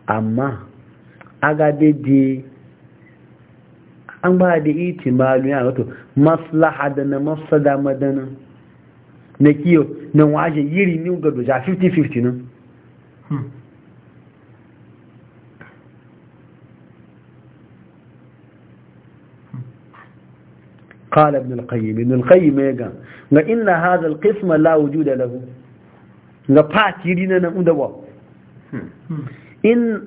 amma agade di an ba da iti malu ya wato maslaha da na mafsada madana na kiyo na wajen yiri ni ga ja 50-50 nan قال ابن القيم ابن القيم يقول إن هذا القسم لا وجود له لقاتلين نأدوا إن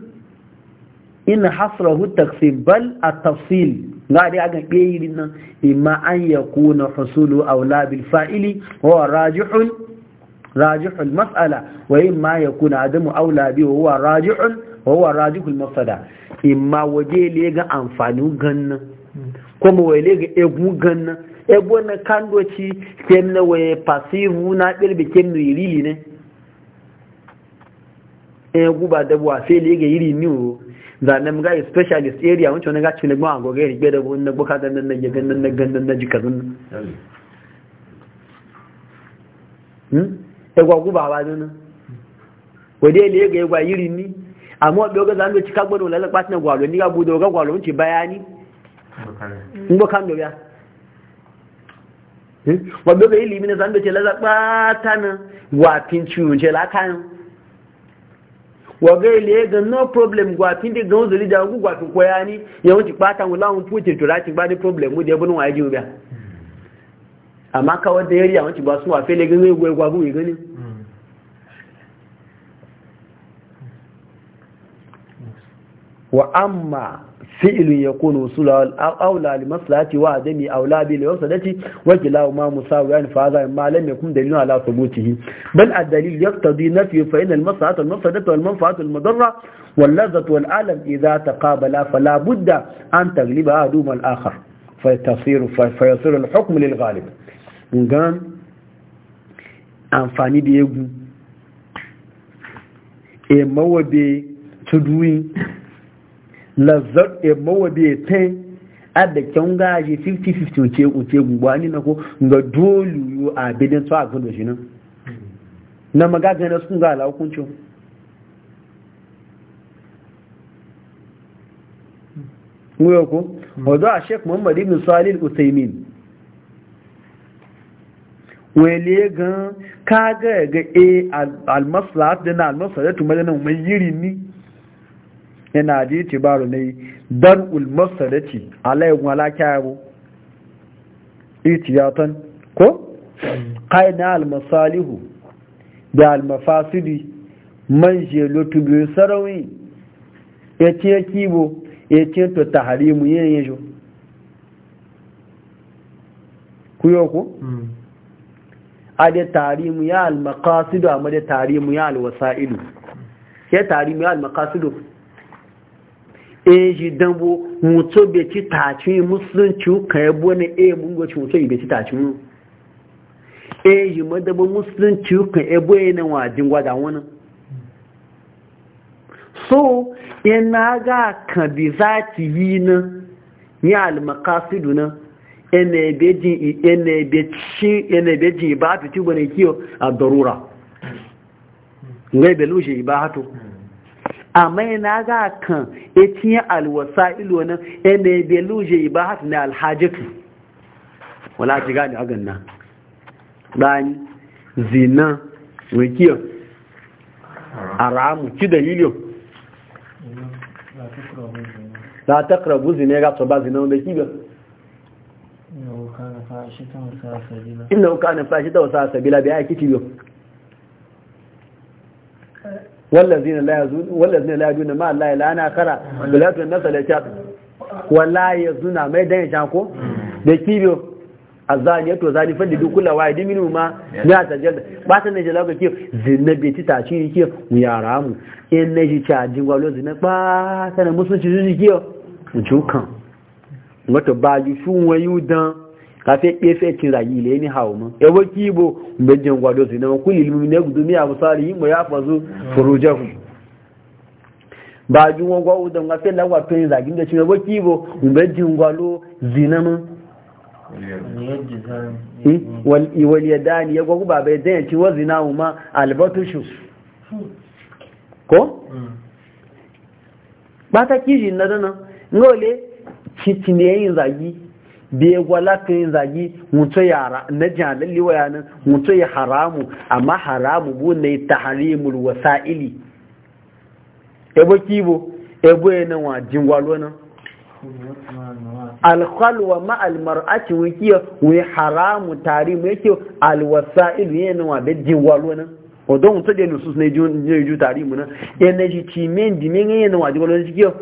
إن حصره التقسيم بل التفصيل قال يقول قيلنا إما أن يكون حصول أولى بالفائل هو راجح راجح المسألة وإما يكون عدم أولى به هو راجح وهو راجح المفسدة إما وجه ليقى أنفعه جنة kuma wale ga egun ganna ebo na kandoci kem na waye pasivu na birbe kem no iri ne egu eh, ba da wa fe le ga iri ni o da nam ga specialist area wancho na ga cin gwa go ga ribe da bu na boka da nan ya gannan na gannan na jika zun hmm egwa gu ba ba nan wade le ga egwa yiri ni amma obi ga zan do cika gboro lalle patina gwalo ni ga bu do ga gwalo nti bayani ngbo kan do ya eh? wa do zan do wa pin ci la kan wa ga ile ga no problem gwa pin ga gan zuri da gwa pin ko ya ni wuce patan wala un to ba ni problem mu de bunun wa ji ubiya amma ka wanda yari a wancin ba su wa fele wa amma fi'ilun yakunu usula aula li maslahati wa adami aula bi li wasadati wa kila ma musawiyan fa hadha ma lam yakun dalilun ala thubutihi bal ad-dalil yaqtadi nafi fa inna al-maslahata al-mafsadatu wal-manfa'atu al-madarra wal-lazzatu wal-alam idha taqabala fala buda an tagliba adum al-akhar fa tasiru fa yasiru al-hukm lil ngan amfani da yegu e mawabe tuduwi lazzar e mawabe ta adda kyan gaji 50-50 uce wuce gwani na ko ga dole yiwu a bidin su a gudu shi nan na magaga na sun ga ala hukuncin wuyo ko wadda hmm. a Sheikh muhammad ibn salil usaimin wele gan kaga ga e almaslahat dana almaslahat nan mai yiri ni yana ji ci baro ne dan ulmasa da ci alayin walaka yabo itiyatan ko kaina almasalihu da almafasidi man je lotu biyu sarawi ya ce kibo ya ce to ta harimu yin yin shi kuyo ku? Hmm. a da tarimu ya almakasidu a ma da tarimu ya alwasa'idu ya tarimu ya almakasidu eji dambo mutu bai ci taci musulunci ka yabo ne e eh, mungoci mutu bai ci taci mu eji madaba musulunci ka yabo ne na wajin gwada wani so ina ga ka bi za ki yi na ni almakasidu na ina ebe jin ibahatu ti gwani kiyo a darura ngai belushe ibahatu amma yana ga kan etinye alwasa ilo nan yana ebe luje ba hatu na alhajiku wala ci gani a ganna ɗani zina a ramu ki da hiliyo la ta karabu zina ga su ba zina wanda kiga inda wuka na fashi ta wasa sabila bai aiki kibiyo wallazina la yazuna ma Allah la ana khara bilatu nasala chat wala yazuna mai dan yajan ko da kibo azani to zani fa didu kula wa idin minuma ya tajalla ba ta ne jala ga kibo zinna bi ti ta ci ni kibo mu yara mu in ne ji cha din gwalo zinna ba ta ne musu ci ni kibo mu jukan wato ba ju shun wayu dan kafe kefe cin ragi ne ni hawo mun e waki bo be jin gwado su na kuli mu ne gudu mi abu sari mu ya furu jehu ba ju won gwa udan ga fela wa to yin ragi da cin waki bo be jin gwado zinama mun hmm? wal yadani ya gwa ba be dan cin wazina huma albatushu ko hmm. ba ta kiji na dana ngole kitine yin zagi bai gwalatin zagi mutu ya na liwaya nan mutu ya haramu amma haramu bu ne ta harimul wasa'ili ebo kibo ebo yana wa jingwalo nan alkhalwa ma almar'ati wakiya wi haramu tarimu yake alwasa'ilu yana wa da jingwalo nan odon mutu da nusus ne ju tarimu nan yana ji cimen dimen yana wa jingwalo nan cikiyo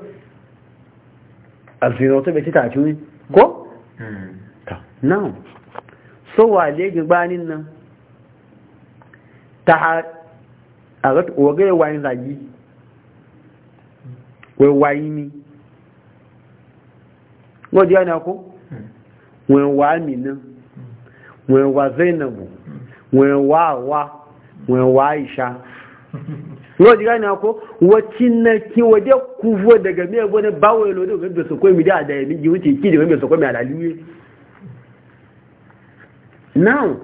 alfino to bai ci tafi ko now so wale gabanin nan ta a wagai wayin zagi wai wayi ni gwaji yana ko wai wa aminin wai wa zainabu wai wa Awa, wai wa aisha yau ji gane ko wacin na ki waje kuvo daga mai gwani bawo ya lodi wadda su kwai midi a da yi wuce ki da mai su kwai mai alaliwe now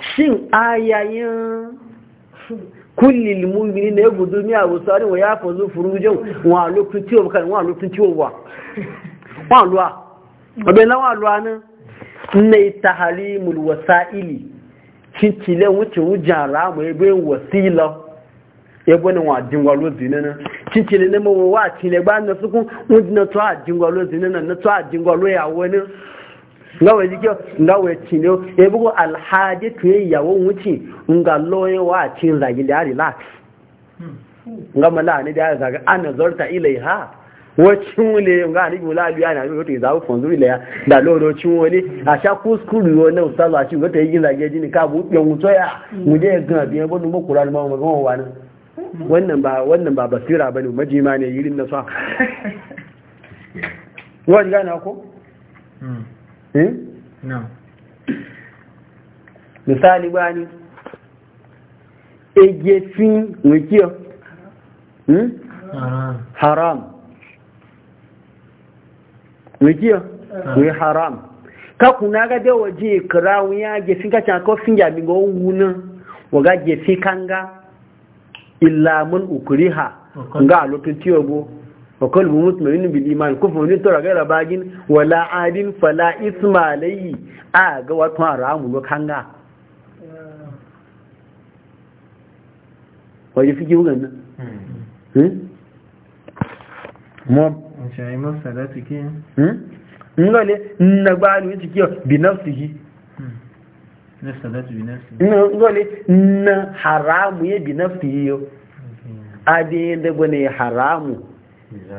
shin ayayin kullil mu'minin ne gudu mi abu sari wa ya fazu furujin wa lokacin ciwo kan wa lokacin ciwo wa wa luwa abin na wa luwa nan ne tahalimul wasa'ili cin cile wuce wujan ramu ebe wasila ebonin wa dingwa lozi nana cincin ne mawa wa cile ba na sukun wani na tuwa dingwa lozi nana na tuwa dingwa lo ya wani ngawe jike ngawe cile ebugo alhaji tuye yawo wuce nga loye wa cin zagi da relax nga mala ne da zaga an zarta ha? wacin wule nga ni bula biya na bi to zawo fonzu ilaiha da loro cin wani a sha kuskuru wannan ustazu a ci wata yi zage jini ka bu yan wuto ya mu je gan biyan bonu mu qur'an ma mu gan wani Hmm. wannan ba wannan ba basira bane majima ne yirin na sa wani gane ko hmm. eh na misali bani ege fin wikiyo hmm? haram wikiyo wi haram ka kuna ga da waje kira wuya ge fin ka ta ko fin ya mi go wuna waga ge fi kanga illa mun ukriha ga lokacin ciwo go wa kalbu mutmain bil iman kufu ni tora gaira bagin wala adin fala isma alayhi a ga wato aramu go kanga hmm. waje fiki hmm. Hmm? mo ke ngale nagbalu ciki bi nafsihi ngole na haramu ya bi nafsi yo adin da bane haramu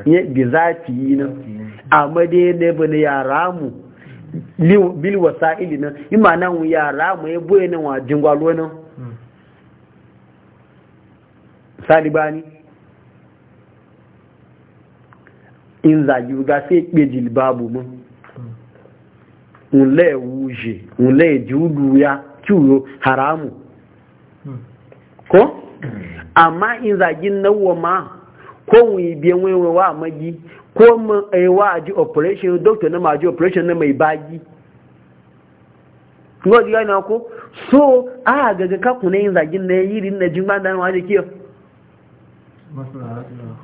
hmm. ya bi zati na amma dai ya bane haramu bil wasa'ili na imana wu ya haramu ya boye na wa jingwalo hmm. na salibani in zagi ga sai pe jilbabu ule wuje ule ji ulu ya kiwo haramu ko ama in zagin nawa ma ko wuyi wewe wa ko mun aiwa e, a ji operation doctor na ma ji operation na mai bagi ngo ji ko so a gaga ka kuna yin zagin na yiri na jin ba dan wani kiyo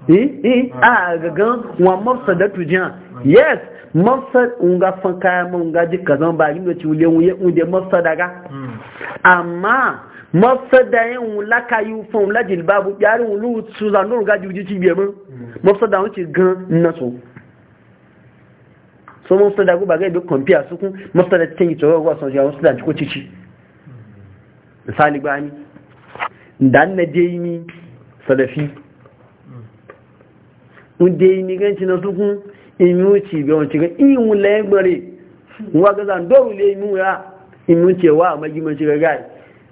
eh eh a gaga wa mafsadatu jan yes mafsad unga fan kayama unga ji kazan ba hmm. yin ci wule wuye unde mafsada ga amma da yin wula ka yi fan wula jilbabu yari wulu su zanu unga ji uji ci biye mun mafsada hmm. wuce gan na so so mafsada ko ba ga ibe kwamfiya su kun da cikin hmm. yi tsoro wa sun a su da ko cici misali bani da na je yi ni sadafi un je yi ni ganci na kun. imuci bai wance ga imu lagbare wa ga zan doru le imu ya imuce wa magimanci ga gai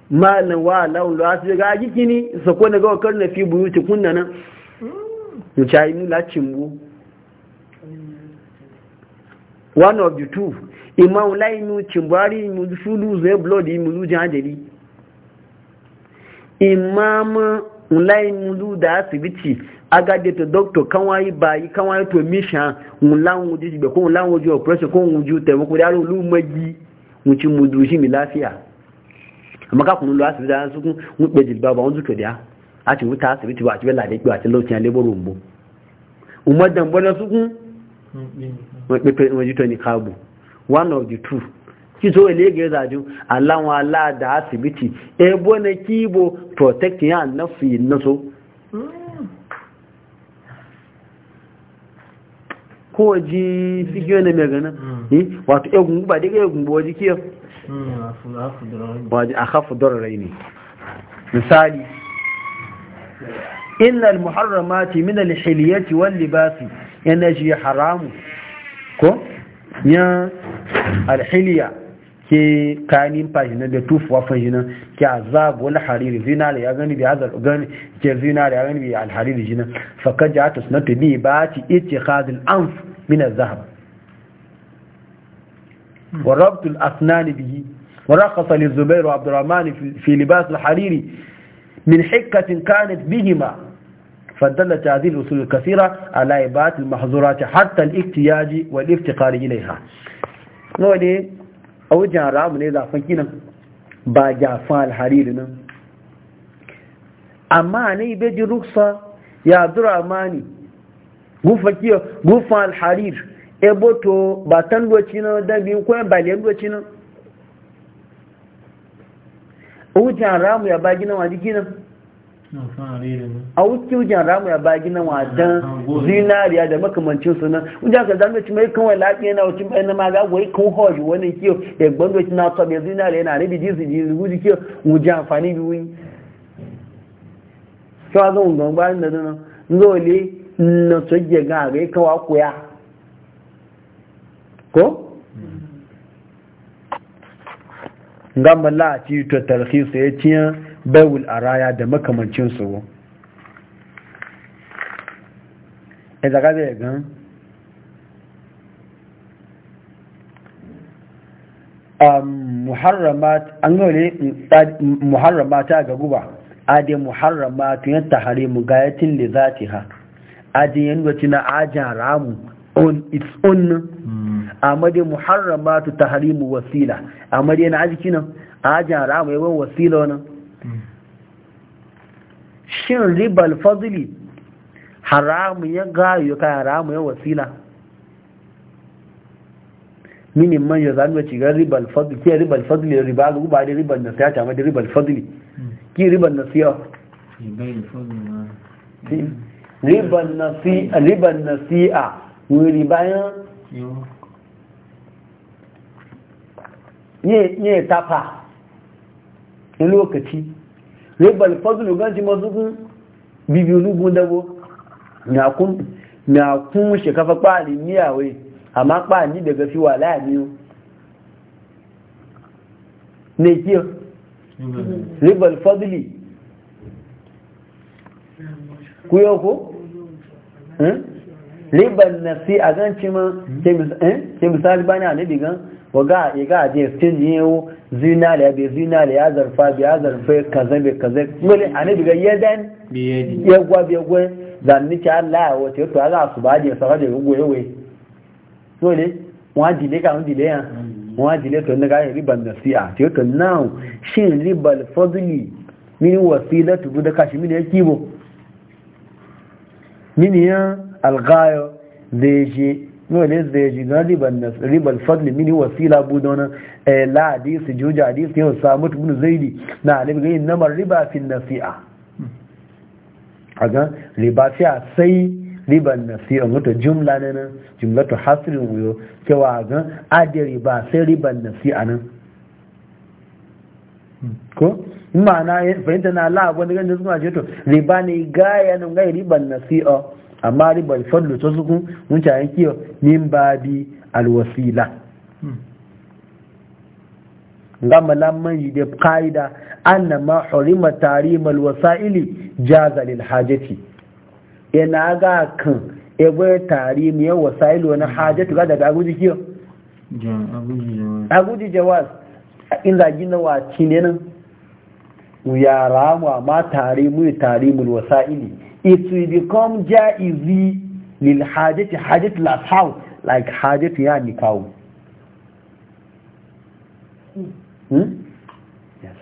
malan wa a asu ga ni sako na ga kar na fi buyuti kunna nan hmm. mu cha imu la cimbu one of the two imam la imu cimbari mu sulu zai blood imu lujin hadari imam nlai mulu da asibiti agade to doctor kan wayi bayi kan wayi to mission nlan wuji be ko nlan wuji operation ko wuji te ko da lu maji muci mudu shi mi lafiya amma ka kun lu asibiti an sukun mu be jilba ba wonju to dia a ti wuta asibiti ba ti bela de gbe ati lotin ale boro mbo umadan bona sukun mo mm, mm, mm. pe pe wonju to ni kabu one of the two kiso ne ga zaju Allah wa Allah da asibiti e bona kibo protect ya nafi naso ko ji fikiyo ne mai gana hmm. Hmm? wato egun ba daga egun ba waje kiyo hmm, waje a hafu dororai ne misali inna al-muharramati min al-hiliyati wal libasi yana shi haramu ko ya al-hiliya ke kanin fahimta da tufuwa fahimta ke azabu wani hariri zinari ya gani da hazar gani ke zinari ya gani da alhariri jina fakar ji atas na tabi ba ci ice hazin an minar zahab wa rabtul asnani bihi wa rakasa li zubairu abdurrahman fi libas alhariri min hikkatin kanat bihima فدلت هذه الأصول الكثيرة على إباعة المحظورات حتى wal iftikari إليها. نولي a wajen ramu ne zafin kinan ba jafin alhariri nan amma ne ji ruksa ya zura ma mani gufan alhariri ebo boto ba tan loci nan don biyu kuma baliyan loci nan a wajen ramu ya ba gina wajen jiki a wuce wujen ramu ya bagi na wadan zinariya da makamancin suna wujen ka zama ci mai kawai lafiya na wucin bayan na ga wai kan hoji wani kiyo ya gbando ci na tobe zinariya na rabi jizi jizi wuji kiyo wujen amfani bi wuyi shi wa zan gan bayan da zana ngole na tsoje ga ga kawa kuya ko mm. ngamba la ci to tarhisa ya ciyan baiwul araya da makamancin su e ga zai gan um, muharrama mm, ta ga guba ade muharrama tun yanta harimu gayatin da za ta ha ade yanwaci na ajin ramu on its own hmm. amma dai muharrama ta mu wasila amma dai na ajiki nan ajin ramu yawan wasila wannan shin ribal fadli haramun ya gayo ka haramun ya wasila mini man ya zanuwa cigar ribal fadli ke ribal fadli riba ga gubari ribal ribal nasiya ta da ribal fadli ki ribal nasiya ribal nasiya ribal nasiya wuri bayan ne tafa lokaci ribal fadlu ganci mazukun bibiyolugun dabo na kun shekafa kpali miyawai amma kpali daga fi wa lamiyo ne kiyo ribal fadli kuyo ko? ribal hm? nasi a ganci ma eh? ke misali bani a nabi waga iga je stage yiwu zinariya bai zinariya zarfa bai zarfa kaza bai kaza wani a ne daga yadan yagwa bai gwe zanni ci Allah ya wace to Allah su ba je sara da gwe we so ne wa dile ka dile ya mm. wa dile to ne ga riba nasi'a to to now shin riba al-fadli min wasilatu bu da kashi min yake bo min ya al zai je no ne zai ji na riban na mini wasila bu da wani eh, la hadisi juja hadisi yau samu tubun zaidi na alibi gayin namar riba fi nasi'a a ga riba fi a sai riban nasi'a wata jumla na nan jumla ta hasirin wuyo cewa a ga adi riba sai riban nasi'a nan ko ma'ana fahimta na la wani ganin suna ce to riba ne gaya nan gai riban nasi'a amma ribar da ta sukun mun cayan kiyo min bi alwasila gama lamman yi da ƙa'ida an na ma hurima tari alwasaili jaza hajjati hajati yana e ga kan ebe tarima ya wasaili wani hajjati ga daga aguji kiyo aguji jawaz inda gina wa cinenan ne nan yara ma tari mu tare mu it will become jaizi lil hajati hajati la how like hajati ya nikahu hmm? yes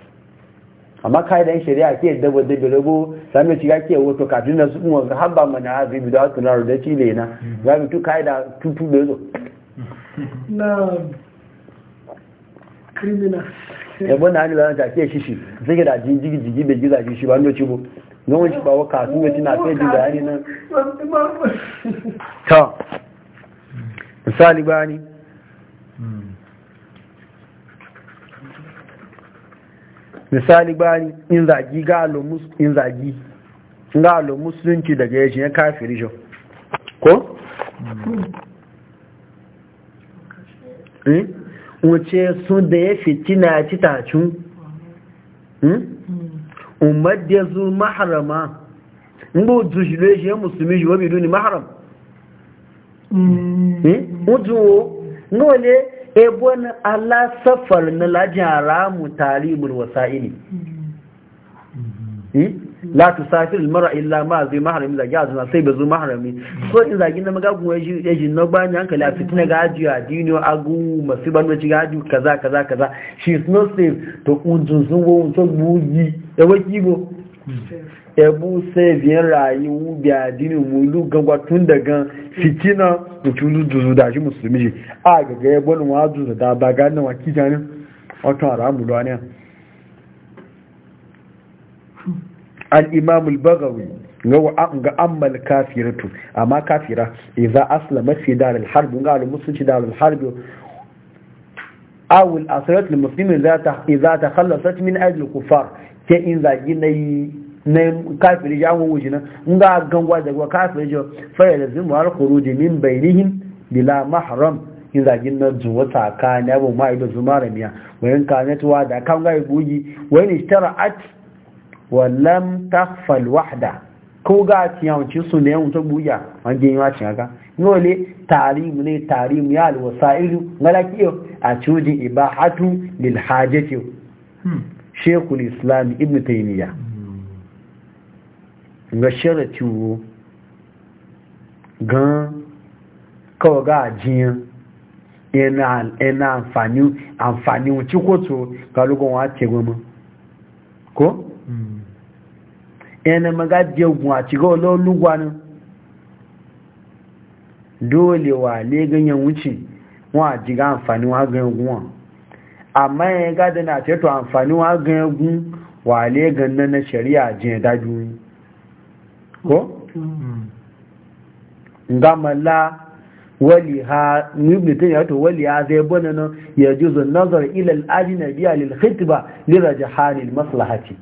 amma kaidan shari'a ke da wadda da rabo sami shiga ke wato kaduna da su kuma habba mana azi bi da su na da chile na ga mutu kai da tutu da zo na criminal yabo na ni ba ta ke shishi zai da jinjigi jigi da gizaji shi ba ndo bo. don wani ba wa kasu wace na sai da bayani nan ta misali bani misali bayani in zagi galo musulunci daga yashi ya kafiri shi ko? Hmm? wace sun da ya fitina ci tacin? Hmm? umar da zu maharama ngbo dujule je musulmi yo bi duni maharam mm hmm? ujo ngole ebon ala safar na lajin wasaili mm eh la tu safir mara illa ma zai maharami zagi a zuna sai ba zu maharami so in zagi na magagun ya ji na bani hankali a fitina ga ajiyu a dino agu masu banwaci ga ajiyu kaza kaza kaza she is not safe to kunjun sun go to buyi ya waki go ebu sai biyan rayu biya dini mulu gangwa tun da gan fitina mutulu duzu da shi musulmi a gaga ya bani wa duzu da ba ganin wa kijanin wato haramu ruwa ne an imamul bagawi ga ammal kafiratu amma kafira idza aslama fi dar al-harb ga al-musulmi dar al-harb aw al-asirat al-muslimin idza takhallasat min ajli kufar ke in zagi nayi na kafiri ya mu wujina nga gangwa da gwa kafiri jo fa ya lazimu al khuruj min bainihim bila mahram in zagi na zuwa tsakani abu ma'ido zuma ramiya wayan kanatuwa da kan ga bugi wayan tara at walam takfal wahda ko ga tiyawanci su ne yawon ta buya an je yiwa cin haka yole tarimu ne tarimu ya alwasa'ilu ngala yau. a cikin ibahatu lil hajati hmm. shekul islam ibn taymiya ga sharati wo gan kawo ga ajiyan ina amfani amfani wuce kotu kalugon wa ce goma ko? Hmm. yana magajiyar guwa ciga ololugwa nan dole wa ne ganyen wuce wa jiga amfani wa ganyen wọ́n amma ogun wọn na teto amfani wa ganyen gun wa ne ogun na shari'a jiya daju ko? Mm. gamala wali ha nubnitin ya ha zai nan ya juzo nazar ilal ajinabiya lil khitba maslahati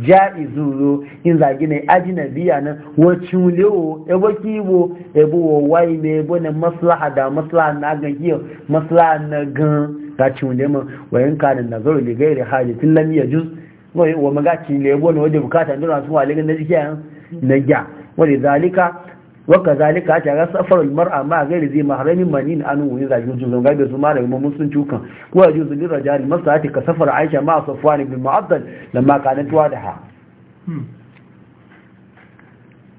ja'izu zo in zagi na biya nan wacin lewo ebo kibo ebo wai ne ebo ne maslaha da maslaha na gan giyo maslaha na gan ga cin Wa wayan ka da nazaru li gairi hajatin lam yajuz wa magaci lebo na wajen bukata ndura su wa legan na jikiya na gya wani zalika waka zalika a ga safar mar'a ma ga rizi maharamin manin an wuyi zagi juzun ga su ma da mu mun sun cukan ko ya juzun lira jari masa ta ka safar aisha ma safwan ibn mu'addal lamma kanat wadaha hmm.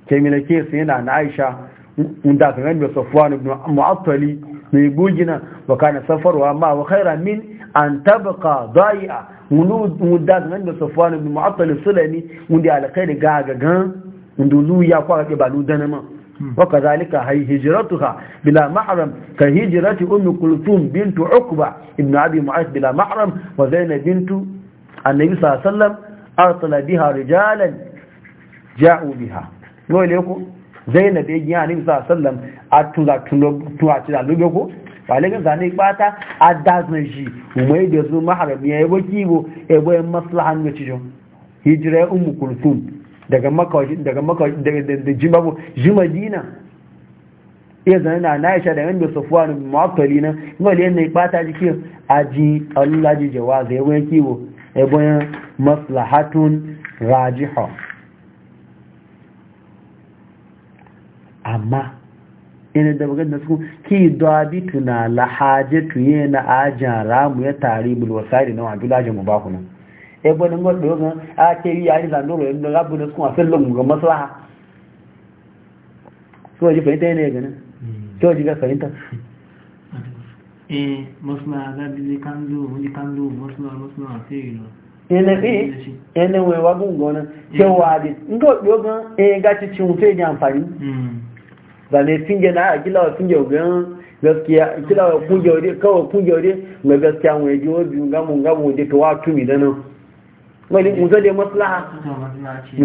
kemina ke sai na na aisha inda ka ganin safwan ibn mu'addal mai bugina wa kana safarwa ma wa khaira min an tabqa da'i'a mudda kan ganin safwan ibn mu'addal sulani wanda alkhairi ga gagan ndulu ya kwa ga balu danama وكذلك هي هجرتها بلا محرم كهجره ام كلثوم بنت عقبه ابن ابي معاذ بلا محرم وزينب بنت النبي صلى الله عليه وسلم ارسل بها رجالا جاءوا بها نقول زينب zainab ya giya alayhi sallam a tuwaci da lube ko ba lagos da ne bata a dazin shi mai da su maharami ebo yin maslahan ga hijra ummu kulthum daga makawashi daga jimadina iya zane na na isha da yan da sofuwa na mawakali na wani yadda ya bata jikin aji allaji jawaza ya wani kiwo ya wani maslahatun rajiha amma ina da bugan da su ki dabitu na lahajatu yana ajan ramu ya tare bulwasari na wajen lajin mubakunan ebo ni ngo do gan a te yi ari za ndoro ndo ga bunu kun afi lo ngo maslaha so ji fe te ne gan to ji ga fe ta eh mosna ga di kan do ni kan do mosna mosna te yi no ene fi ene we wa gun gona te wa di ngo do gan e ga ti chun fe ni amfani ba ne finge na akila wa finge gan gaskiya kila kunje wuri kawai kunje wuri ga gaskiya mu yaji wabi ga mun ga mu je to wa tumi da nan wani muzo da maslaha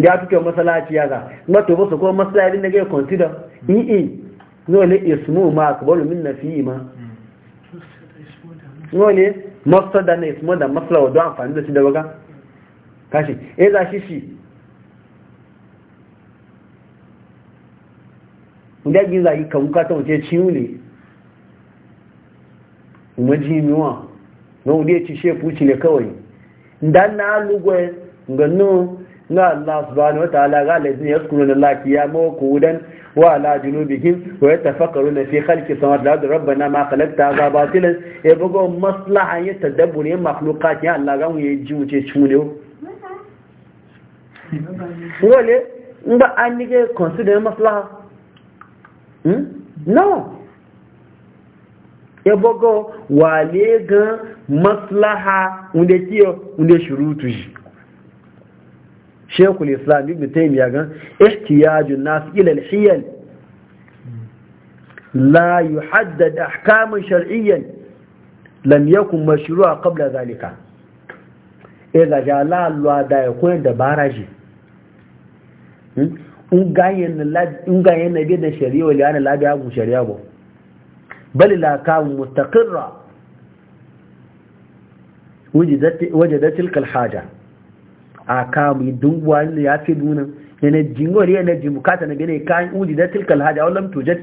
da ya fito maslaha ci yaga mato ba su kuma maslahaci da gai consider yi ya sumu ma kabalu min yi ma hmm. nole da na ismu da maslaha don amfani da shi da waga kashi ya eh, za shi shi da gi za yi kan ka ta wuce ciwo ne majimiwa na wuce ci shefu ci ne kawai dan na lugwe ga no na Allah subhanahu wa ta'ala ga lazin na Allah qiyama wa qudan wa ala junubihim wa yatafakkaruna fi khalqi samawati wal ardi rabbana ma khalaqta hadha batila e bugo maslaha ya tadabbur ya makhluqat ya Allah ga mu ji mu ce chune wole nda an consider maslaha hmm no ya bogo wale ga maslaha unde kiyo unde shurutu shi shekul islam ibn taymiya ga ihtiyajun nas ila al-hiyal la yuhaddad ahkaman shar'iyyan lam yakun mashru'a qabla zalika ila jala yakun da ya koyar da hmm? la in gayen na bi da shari'a wala na labi abu shari'a ba bal la kawun mustaqirra wajadat tilka alhaja akamu duwa ne ya fi dunan yana jingori yana ji bukata na gane kayan da tilka alhaja wallam tujad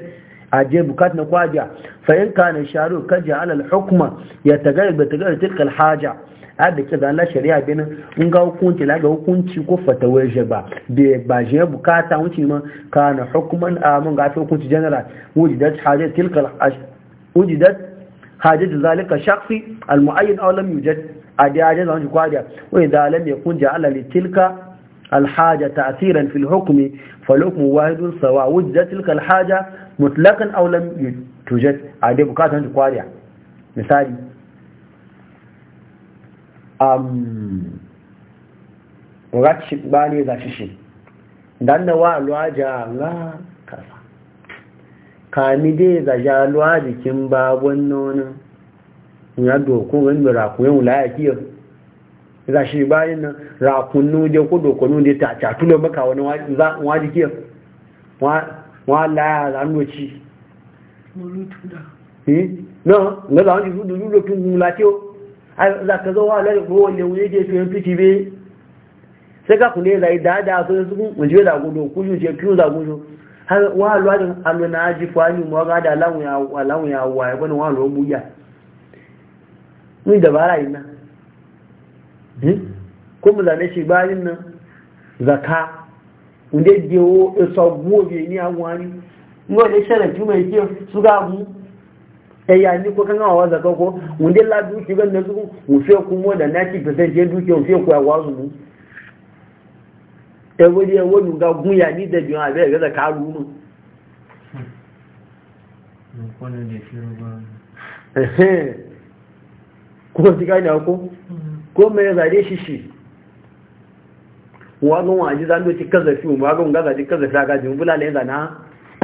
aje bukata na kwaja fa in kana sharu kaja ala alhukma ya tagayar ba tagayar tilka alhaja da ke zana shari'a benin in ga hukunci la ga hukunci ko fatawar waje ba da ba shi ya bukata wuce ma kana hukuman a mun ga hukunci general wuce da hajjar tilkal وجدت حاجة ذلك شخصي المعين أو لم يوجد أدي aje zan shi kwadiya wa idza lam yakun ja'ala الحاجة تأثيرا في الحكم فالحكم واحد سواء وجدت تلك الحاجة مطلقا أو لم توجد عادي بكاتا أنت قارع مثالي أم وغاتش باني ذا شيشي دانا وعلو عجا الله kami dai ga jaluwa jikin babon nonin ya doku wani rakunin wulaya kiyar za shi bayan nan rakunin dai ko dokonu dai ta catulo maka wani waji kiyar wala lanoci na ga za wani rudu rudu tun gula tiyo za ka zo wala da kowa ne wuje je fiye fiti be sai ka kune zai dada so su kun wajen da gudu kuju ce kiyo da har wà lọ́rin alùnà ajífò ní wa aláwìn àwọ̀ ẹgbọ́n wọn lọ mú yà ní ìdàbára iná hmm? kó mú zane ṣe gbá nínú zaka ndé di owó ẹsọ gún òbí ní àwọn arí wọ́n lè ṣẹlẹ̀ tí wọ́n ṣe ṣúgá mú ẹ̀yà ní kó kánà àwọn zaka kó ndé ládùú ṣe mu? ẹwọ́n yẹ mm-hmm. wọ́n nùgá gún yà ní ìdẹ̀bí wọn àbẹ́ ìrẹ́lẹ̀ káàrù mú wọ́n wọn àjíjá ló ti kẹ́zẹ̀fì òun wọ́n gún gázà ti kẹ́zẹ̀fì agajì mm-hmm. ń búlá lẹ́yìn zàná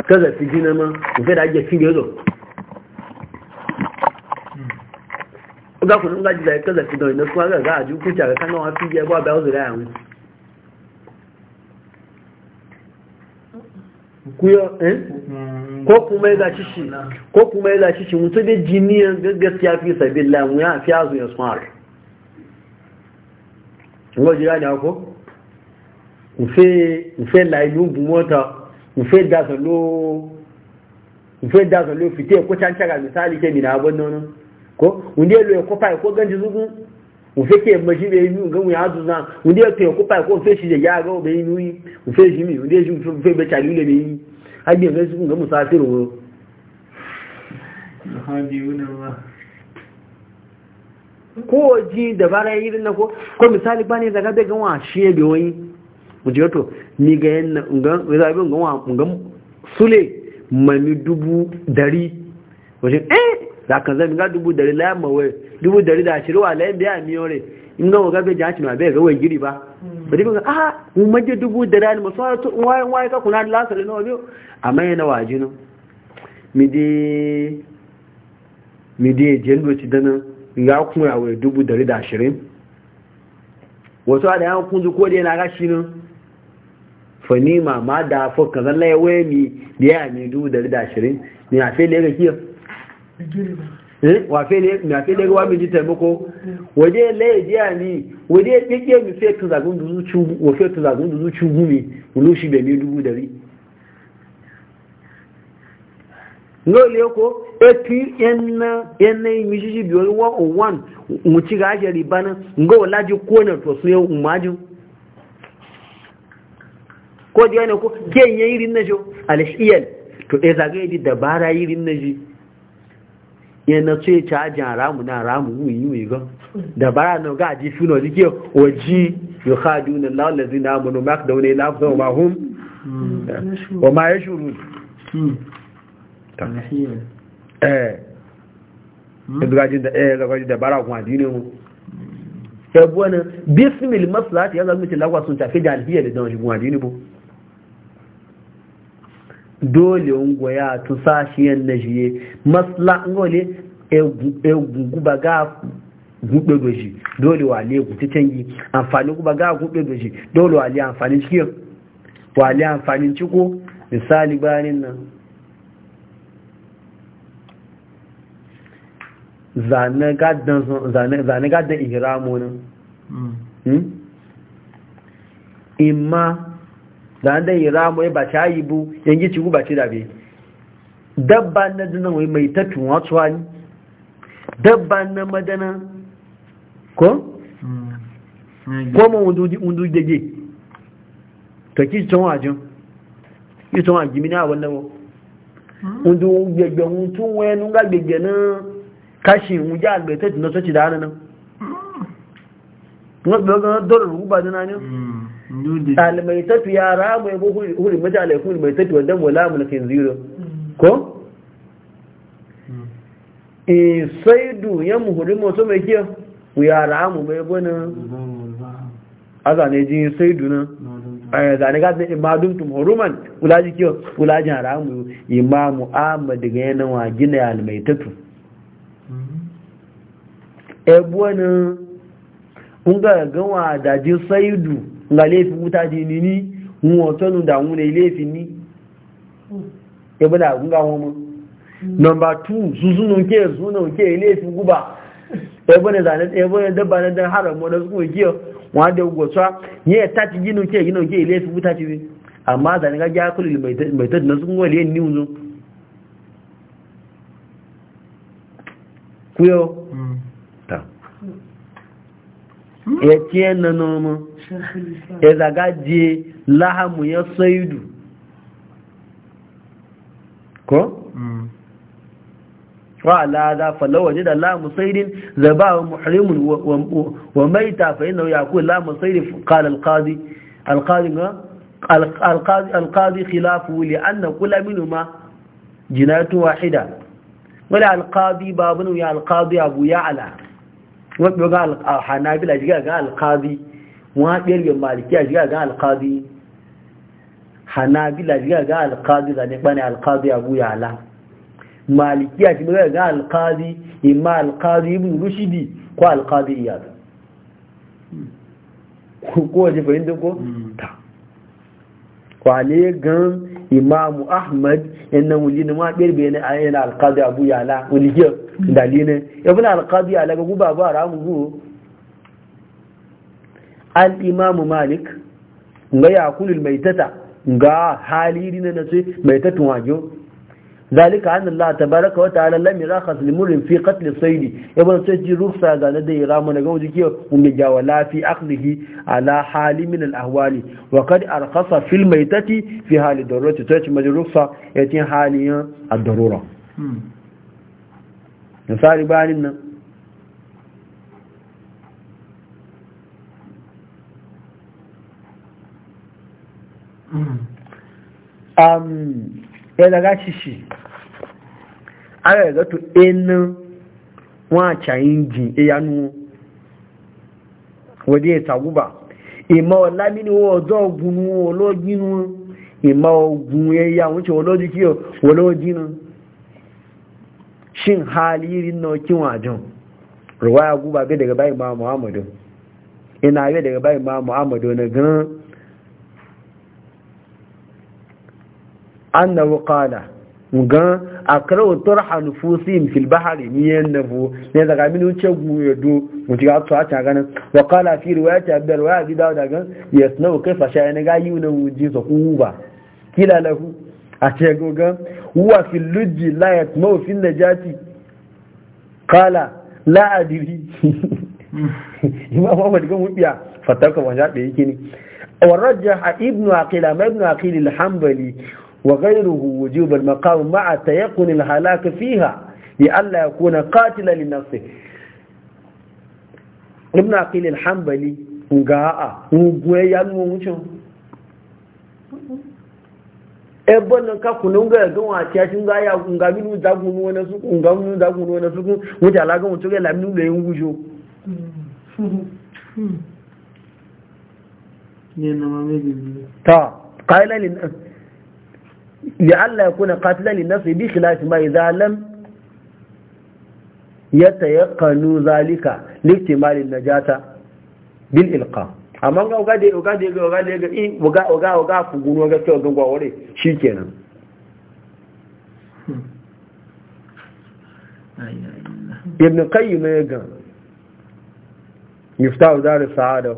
kẹ́zẹ̀fì dínà mọ́ ìfẹ́ dájẹ́ sí ìrẹ́lọ ó gákùnrin ń gájíjà kẹ́zẹ̀fì dán ìnáfún agbẹ̀gá àjú kújà kuyo eh? mm. ko kuma ya shi ko kuma ya shi mutu da jiniyan gaskiya fi sabilla mu ya fi azu ya smart ngo jira ni ako ufe ufe la ilu bu mota da so lo ufe da so lo fite ko chanchaga misali ke mi na abon nono ko unde lo ko pa ko ganji zugun ufeke majibe yimi ngamu yazuza ndiye te okupa ko feshi je yaga obe yimi ufeshi mi ndiye shi ufe be chalile be yimi hadi ngezi ngamu safiru wo hadi unawa ko ji dabara irin na ko ko misali bane daga be gan washe be wani muje to ni ga na, ngan zabi ngan wa ngan sule mami dubu dari wajen eh da kan zan ga dubu dari la mawai dubu dari da ashirin wa layin biya miyo re in ga waga bai jaci ma bai ga wai giri ba ba dubu a mun maje dubu dari ne masu wani wayan wayan ka kuna lasari na wani wabiyo amma yana waji no mi de mi de jen doci dana ya kuma ya wai dubu dari da ashirin wasu a da yan kunzu ko da yana gashi no fanima ma ma da fuka zan laye waye mi da ya mi dubu dari da ashirin ni a fele ga kiyar Eh, mafi daga wami ji taimako waje laye jiya ni waje ɗiɗɗe mi fe tun zagun da zuci gumi wulushi bai mai dubu dari lóòlẹ́ ko epi ẹnna imishiji bi wani one on one muci ga ajiyar ibana ga walaji kone to su yau umajin ko da yana ko ke yi irin na jo alashiyar to ɗaya e zagaye dabara irin na ji yana ya ci ajiyar ramu na ramu wuyi wuyi gan da bara na ga aji suna jike waji yi hadu na lalazi na amonu ma da wani lafisa wa mahun wa ma ya shuru hmm. eh hmm. e gajin eh, da bara adini mu e bismil masu lati ya sun tafi da alhiyar kuma adini mu. dole ungoya tun yan na jiye masla ngole egungu e ba ga gube goji dole wale gute cangi amfani kuma ga gube goji dole wale amfani cikin wale amfani ciko misali bayanin nan zane gaddan ihramu nan hmm. Hmm? imma zanda yi ramu ya ba ta yi bu yanki ci guba ci dabe dabba na dinan wai mai tattun watsuwa ne dabba na madana ko? ko ma wundu gege ta ki tun ajin yi tun wajen gimina a wannan wundu gege tun wayan nunga gege na kashi wunja albertat na soci da hannun nan wasu daga dolar ruba dina ne almaitatu ya ramu ya huri huri alaikun almaitatu wanda mula mulkin zero ko? isaidu hmm. e, ya muhuri mutu mai kiyo ya ramu mai gwanin a zane jin isaidu nan zane gasa imadun tum huruman ulaji kiyo ulaji haramu imamu ahmad daga yanan wa gina almaitatu hmm. e, ebuwanin ƙunga gawa dajin saidu nga laifin wuta ji ni ni wọn tọ́nu dàwọn ilé ìfin e ní ẹgbẹ́dà àgúngà wọn mọ́ nọmbà 2 zuzunu nke zuna nke ilé ìfin gúbà ẹgbẹ́dà dábà na dán hàrà mọ́ lọ́sùkú ìkí ọ wọ́n adé gbọ́sọ́ yẹ́ tàti gínú nke gínú nke ilé ìfin gúta ti rí àmá zaniga já kúlù mẹ́tọ́dì lọ́sùkú wọ́n lé ní uzo kúyọ́ ẹ̀ tí ẹ̀ nánà ya zagaje lahamu ya saidu ko? wa'ala za falawa ji da lamu saidin zaba wa muhrimun wa maita fa yana ya kuwa lamu saidin kala alkazi alkazi khilafu li an na kula minu ma jinatu wahida wani alkazi babinu ya alkazi abu ya ala wani ga hanabila jiga ga alkazi waɗiyar yin malikiya shiga ga alƙazi hanabila shiga ga alƙazi zane ɓane alƙazi abu yala malikiya shiga ga alƙazi imma alƙazi ibn rushidi ko alƙazi iyadu ko waje fahimta ko hmm. ta kwale gan imamu ahmad yannan wulini ma ɓirɓe na ayyana alƙazi abu yala yau dalilin na alƙazi yala ga guba ba ramu zuwa al'imamu malik ga yakulul mai ga haliri na nace mai wajo zalika an Allah tabaraka wa ta'ala lam yarakhas limurin fi qatl sayd ibn sayyid rukhsa ga na da iramu na gauji ke umma jawala fi akhlihi ala hali min al ahwali wa qad arkasa fil maitati fi hali darurati sayyid majrukhsa yatin haliyan ad darura hmm. misali bayanin nan Um, ya daga shishi ara ga to enu wa chayin jin eyanu wadi ya taguba ima wala mini ogun olojinu ima ogun eya won se oloji ki o olojinu shin halirin no kin wajon ruwaya guba ga daga bai ma muhammadu ina ga daga gan anna qala ga akrau turha nufusim fil bahri miyan nabu ne daga min wuce guyedo mutiga to tsawa ta ganin wa qala fi riwayati abdal wa abi dawud ga yasnau kaifa sha ne ga yuna wuji so kuba kila lahu a ce gogan huwa fil lujji la yatmau fil najati qala la adri imam ahmad gan mubiya fataka wanda da yake ne warajja ibnu aqila ibnu aqil al-hanbali وغيره وجوب المقام مع تيقن الهلاك فيها لئلا يكون قاتلا لنفسه ابن عقيل الحنبلي غاء ka ga ga ya ga minu da gunu su minu da gunu su ga لعل يكون قاتلا للنفس بخلاف ما إذا لم يتيقن ذلك لاكتمال النجاة بالإلقاء amma ga uga da uga da uga da ga in uga uga uga ku gunu ga to ga gwawore shikenan ibn qayyim ya ga yiftahu dar sa'ada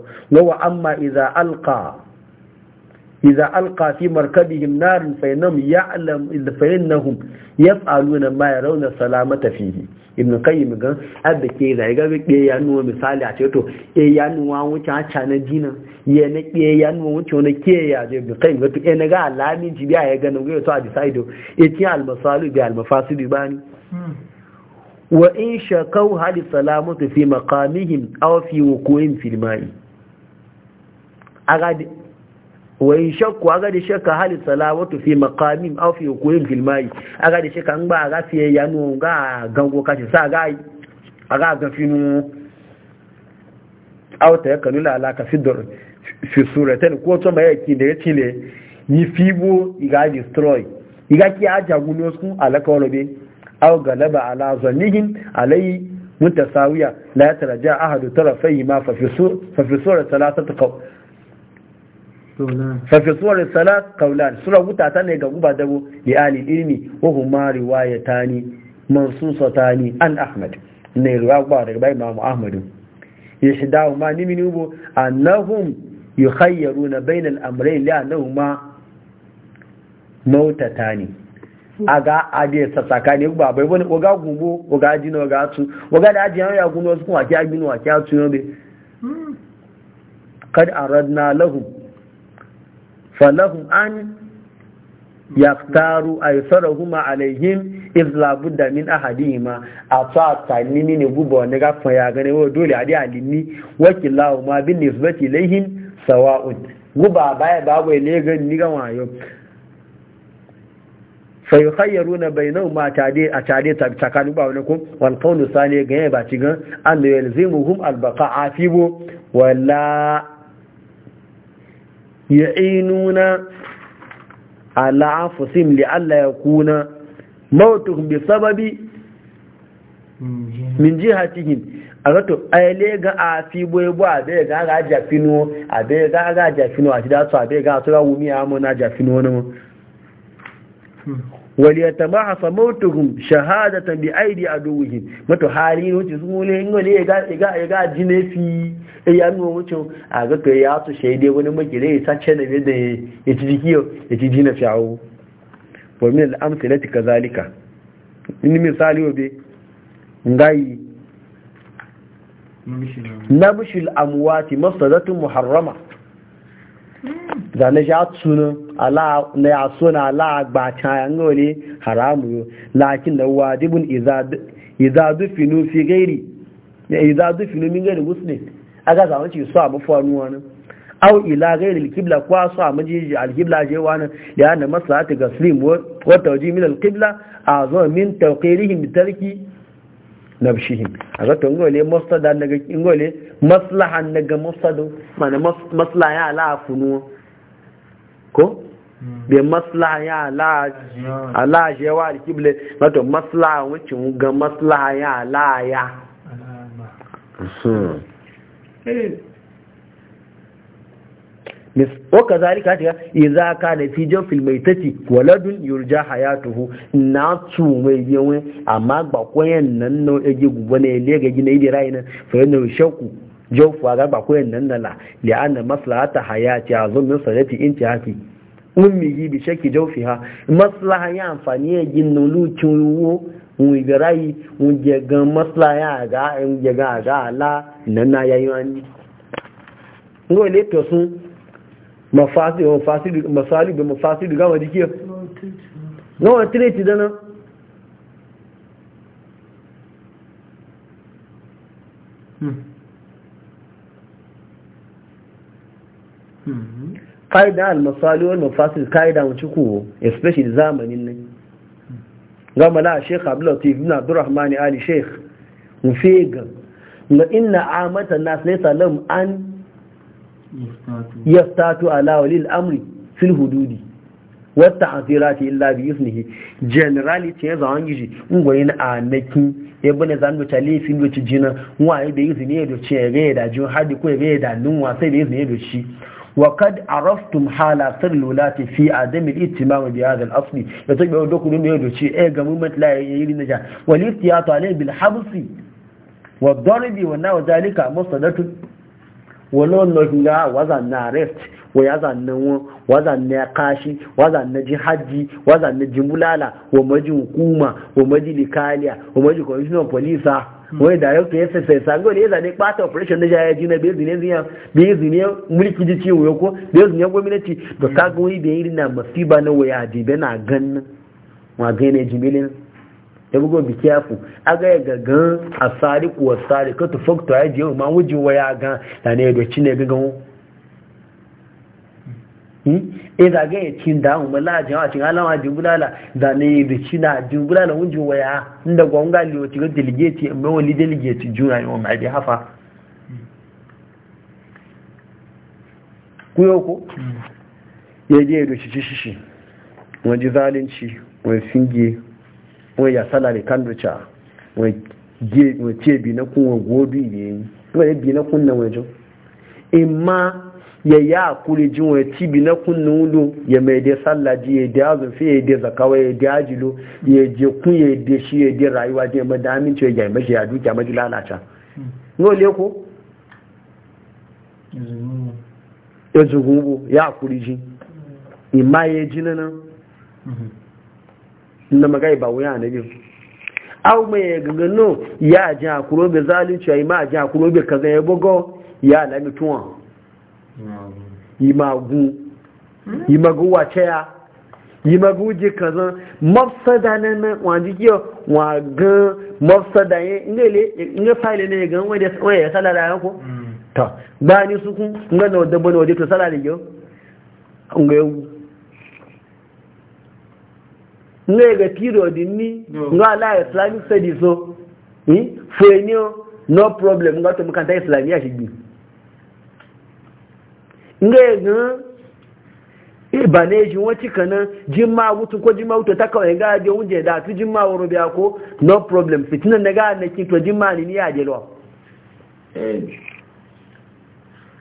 wa amma idza alqa iza alqa fi markabihim narun fainam ya'lam idh fainahum yaf'aluna ma yarawna salamata fihi ibn qayyim gan adda ke da ga be ya nuwa misali a ce to e ya nuwa wuce a cana dina ya na ke ya nuwa wuce wani ke ya je bi qayyim ga to e na ga alamin ji biya ya ganin nan to a decide e ti almasalu bi almafasidu mafasidu bani wa in shakau hali salamatu fi maqamihim aw fi wuqu'in fil ma'i aga wai shakku a da shakka hali salawatu fi makamin a fi yuqim fil a aga da shakka n ba ga fiye ya nu ga gango kashi sa ga aga ga finu aw ya yakanu la alaka fi da fi suratan ko to mai yake da yace ne yi fibo iga destroy iga ki aja gulo wasu alaka walabe a galaba ala Zanihin alai mutasawiya la yataraja ahadu tarafayhi ma fa fi sur fa fi suratan ففي suwar salat قولان سورة wuta ta ne ga guba الإلمي وهما رواية ilmi منصوصة تاني riwayatani أحمد an رواية ne riwaya مام أحمد aga ade sasaka ne gba bai oga gumbo oga jina oga atu oga da ajiyan ya gumbo su kuma ki agbinu wa atu yobe kad aradna lahum falahum an yaktaru aisarahuma alaihim iz da min ahadihima a ta tanini ne gubo wani gafin ya gane wa dole a dai alinni wakilahu ma bin nisbati sawa'un guba baya babu ne ga ni ga wayo fa na bainahuma ma a tare tsakanin ba wani kun wal sani ga ba ci gan an yalzimuhum al baqa'a fibo wala ya inu inuna ala anfusihim li alla yakuna mautuhum bi sababi min ji jihatihim agato ayele ga fi boye bo abe ga ga jafinu abe ga ga jafinu ati da so abe ga so ga wumi amu na jafinu wono a yatamaha mautuhum shahadatan bi aidi duwuhin mato hali wuce sun wule ingoli ga ga ga ya fi e yi nuna wuce a ga kai ya su shaidai wani makire ya sace na bai da ya ci jikiyo ya ci jina fi'awu wa min al-amsalati kadhalika in misali obe al'amuwa ti masu masadatun muharrama zane shi a tsunan na ya suna la ba cayan ngole haramu lakin da wajibin izadufinu fi gairi ya idza dufinu min ghairi muslim ga zama ce su a fanu wani au ila gairi alkibla kwa so amaji alqibla je wani ya na ga slim wata waje min a zo min taukairihin da tarki nabshihim a zata ngole masdar daga ngole maslahan daga masdar mana maslaha ya la funu ko bai maslaha ya jewa alkibla wato maslaha wucin ga maslaha ya mis o kazalika ta iza ka na fi jan filmaitati waladun yurja hayatuhu na tu mai biyanwe amma ba koyan nan na ege gubo ne ile ga gina ide rayu fa yana shauku jofu a ga ba koyan nan na la li'an na maslahata hayati azum min salati intihati ummihi bi shakki jawfiha maslaha ya amfani ya gin nulu cinwo mun ga rai mun je ga maslaha ga mun je ga ga ala nan na yayi wani ngo le to sun mafasi wa fasidi masali bi bi ga wadi kiyo no treti dana Hmm. hmm. kaida al-masali wal mafasil kaida mu ciku especially zamanin nan gama la sheikh abdul latif ibn abdurrahman ali sheikh mu fega ga inna amata nas laysa Salam an yastatu ala walil amri fil hududi wa ta'thirati illa bi ismihi generality ya zaman gishi ngwai na anaki ya bane zan da tali fin do jina wa ya da izini ya do ce ya da jin hadi ko ya da nun wa sai da izini ya do shi وقد عرفتم حال سر الولاة في عدم الاهتمام بهذا الاصل يتبع دوكو نمي يدو شيء ايه قمومة لا يري نجا والاحتياط عليه بالحبس والضرب ونحو ذلك مصدرة ولون لغنا وزن نارست ويزن نو وزن نقاشي وزن نجي حجي وزن نجي ملالا ومجي حكومه ومجي لكاليا ومجي كونجنو بوليسا wai da yau ka yasa sai zane ɓata operation da jaya jina bai ya ziyan mulki ji ciwo ya ko bai zine gwamnati da ka ga wani bai na na waya jibe na ganin ma gane jimilin ya bugo bi kiyafu aga gagan asari kuwa sari ka to ya je ma waya da na ya doci ne e zaga ya cin da mu la jawa cin alama jubulala da ne da cina jubulala wunji waya inda gwanga liyo cin delegate mai wali delegate ya je da shi shi shi wani zalunci wani singe wani bi na gobi bi na ya ya kuli jin wa tibi na kunnu lu ya mai da sallaji ya da azun fi ya da zakawa ya da ajilu ya je kun ya da shi ya da rayuwa da mai da aminci ya yi mashi ya dukiya maji lalata no le ko ya zugubu ya ji jin ma ya ji nan na magai ba wuya na biyu au mai no ya ji hakuro bai zalunci ya yi ma ji hakuro bai kaza ya bugo ya lamituwa yi magu yi magu wace ya yi magu ji kazan da na nan wani kiyo wa gan mafsada ya ngele ne file ne gan wanda wanda ya sala da yanko to ba ni su kun nga da wadda bane wadda to sala da yau? nga yau nga ga period ni nga la islamic studies so eh hmm? fenio no problem nga to makanta islamiyya shi gbi Nga gan na ne shi wacce kanan jimma wutu ko jimma wutu ta kawai ga je wunje da tu biya ko no problem fitinan na ga na ki to jimma ni ya je lo sai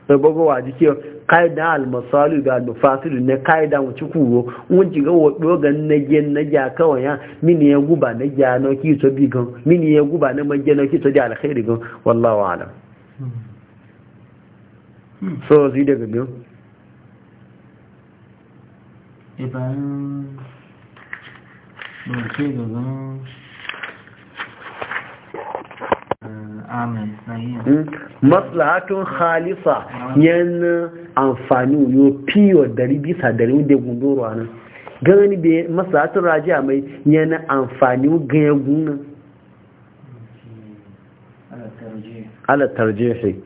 e, gogo wa jike kaida al masalu da al mafasidu ne kaida wuci kuro ga na je na ja kawai ya mini ya guba na ja no ki to bi gan mini ya guba na no ki to ja alkhairi gan so zai daga biyu ibayen ɗauke da zan maslahatun khalifa yan amfani yo piyo dari bisa dari wanda gundoro a nan gani bai maslahatun rajiya mai yana amfani ganyen gunan alatarje tarjihi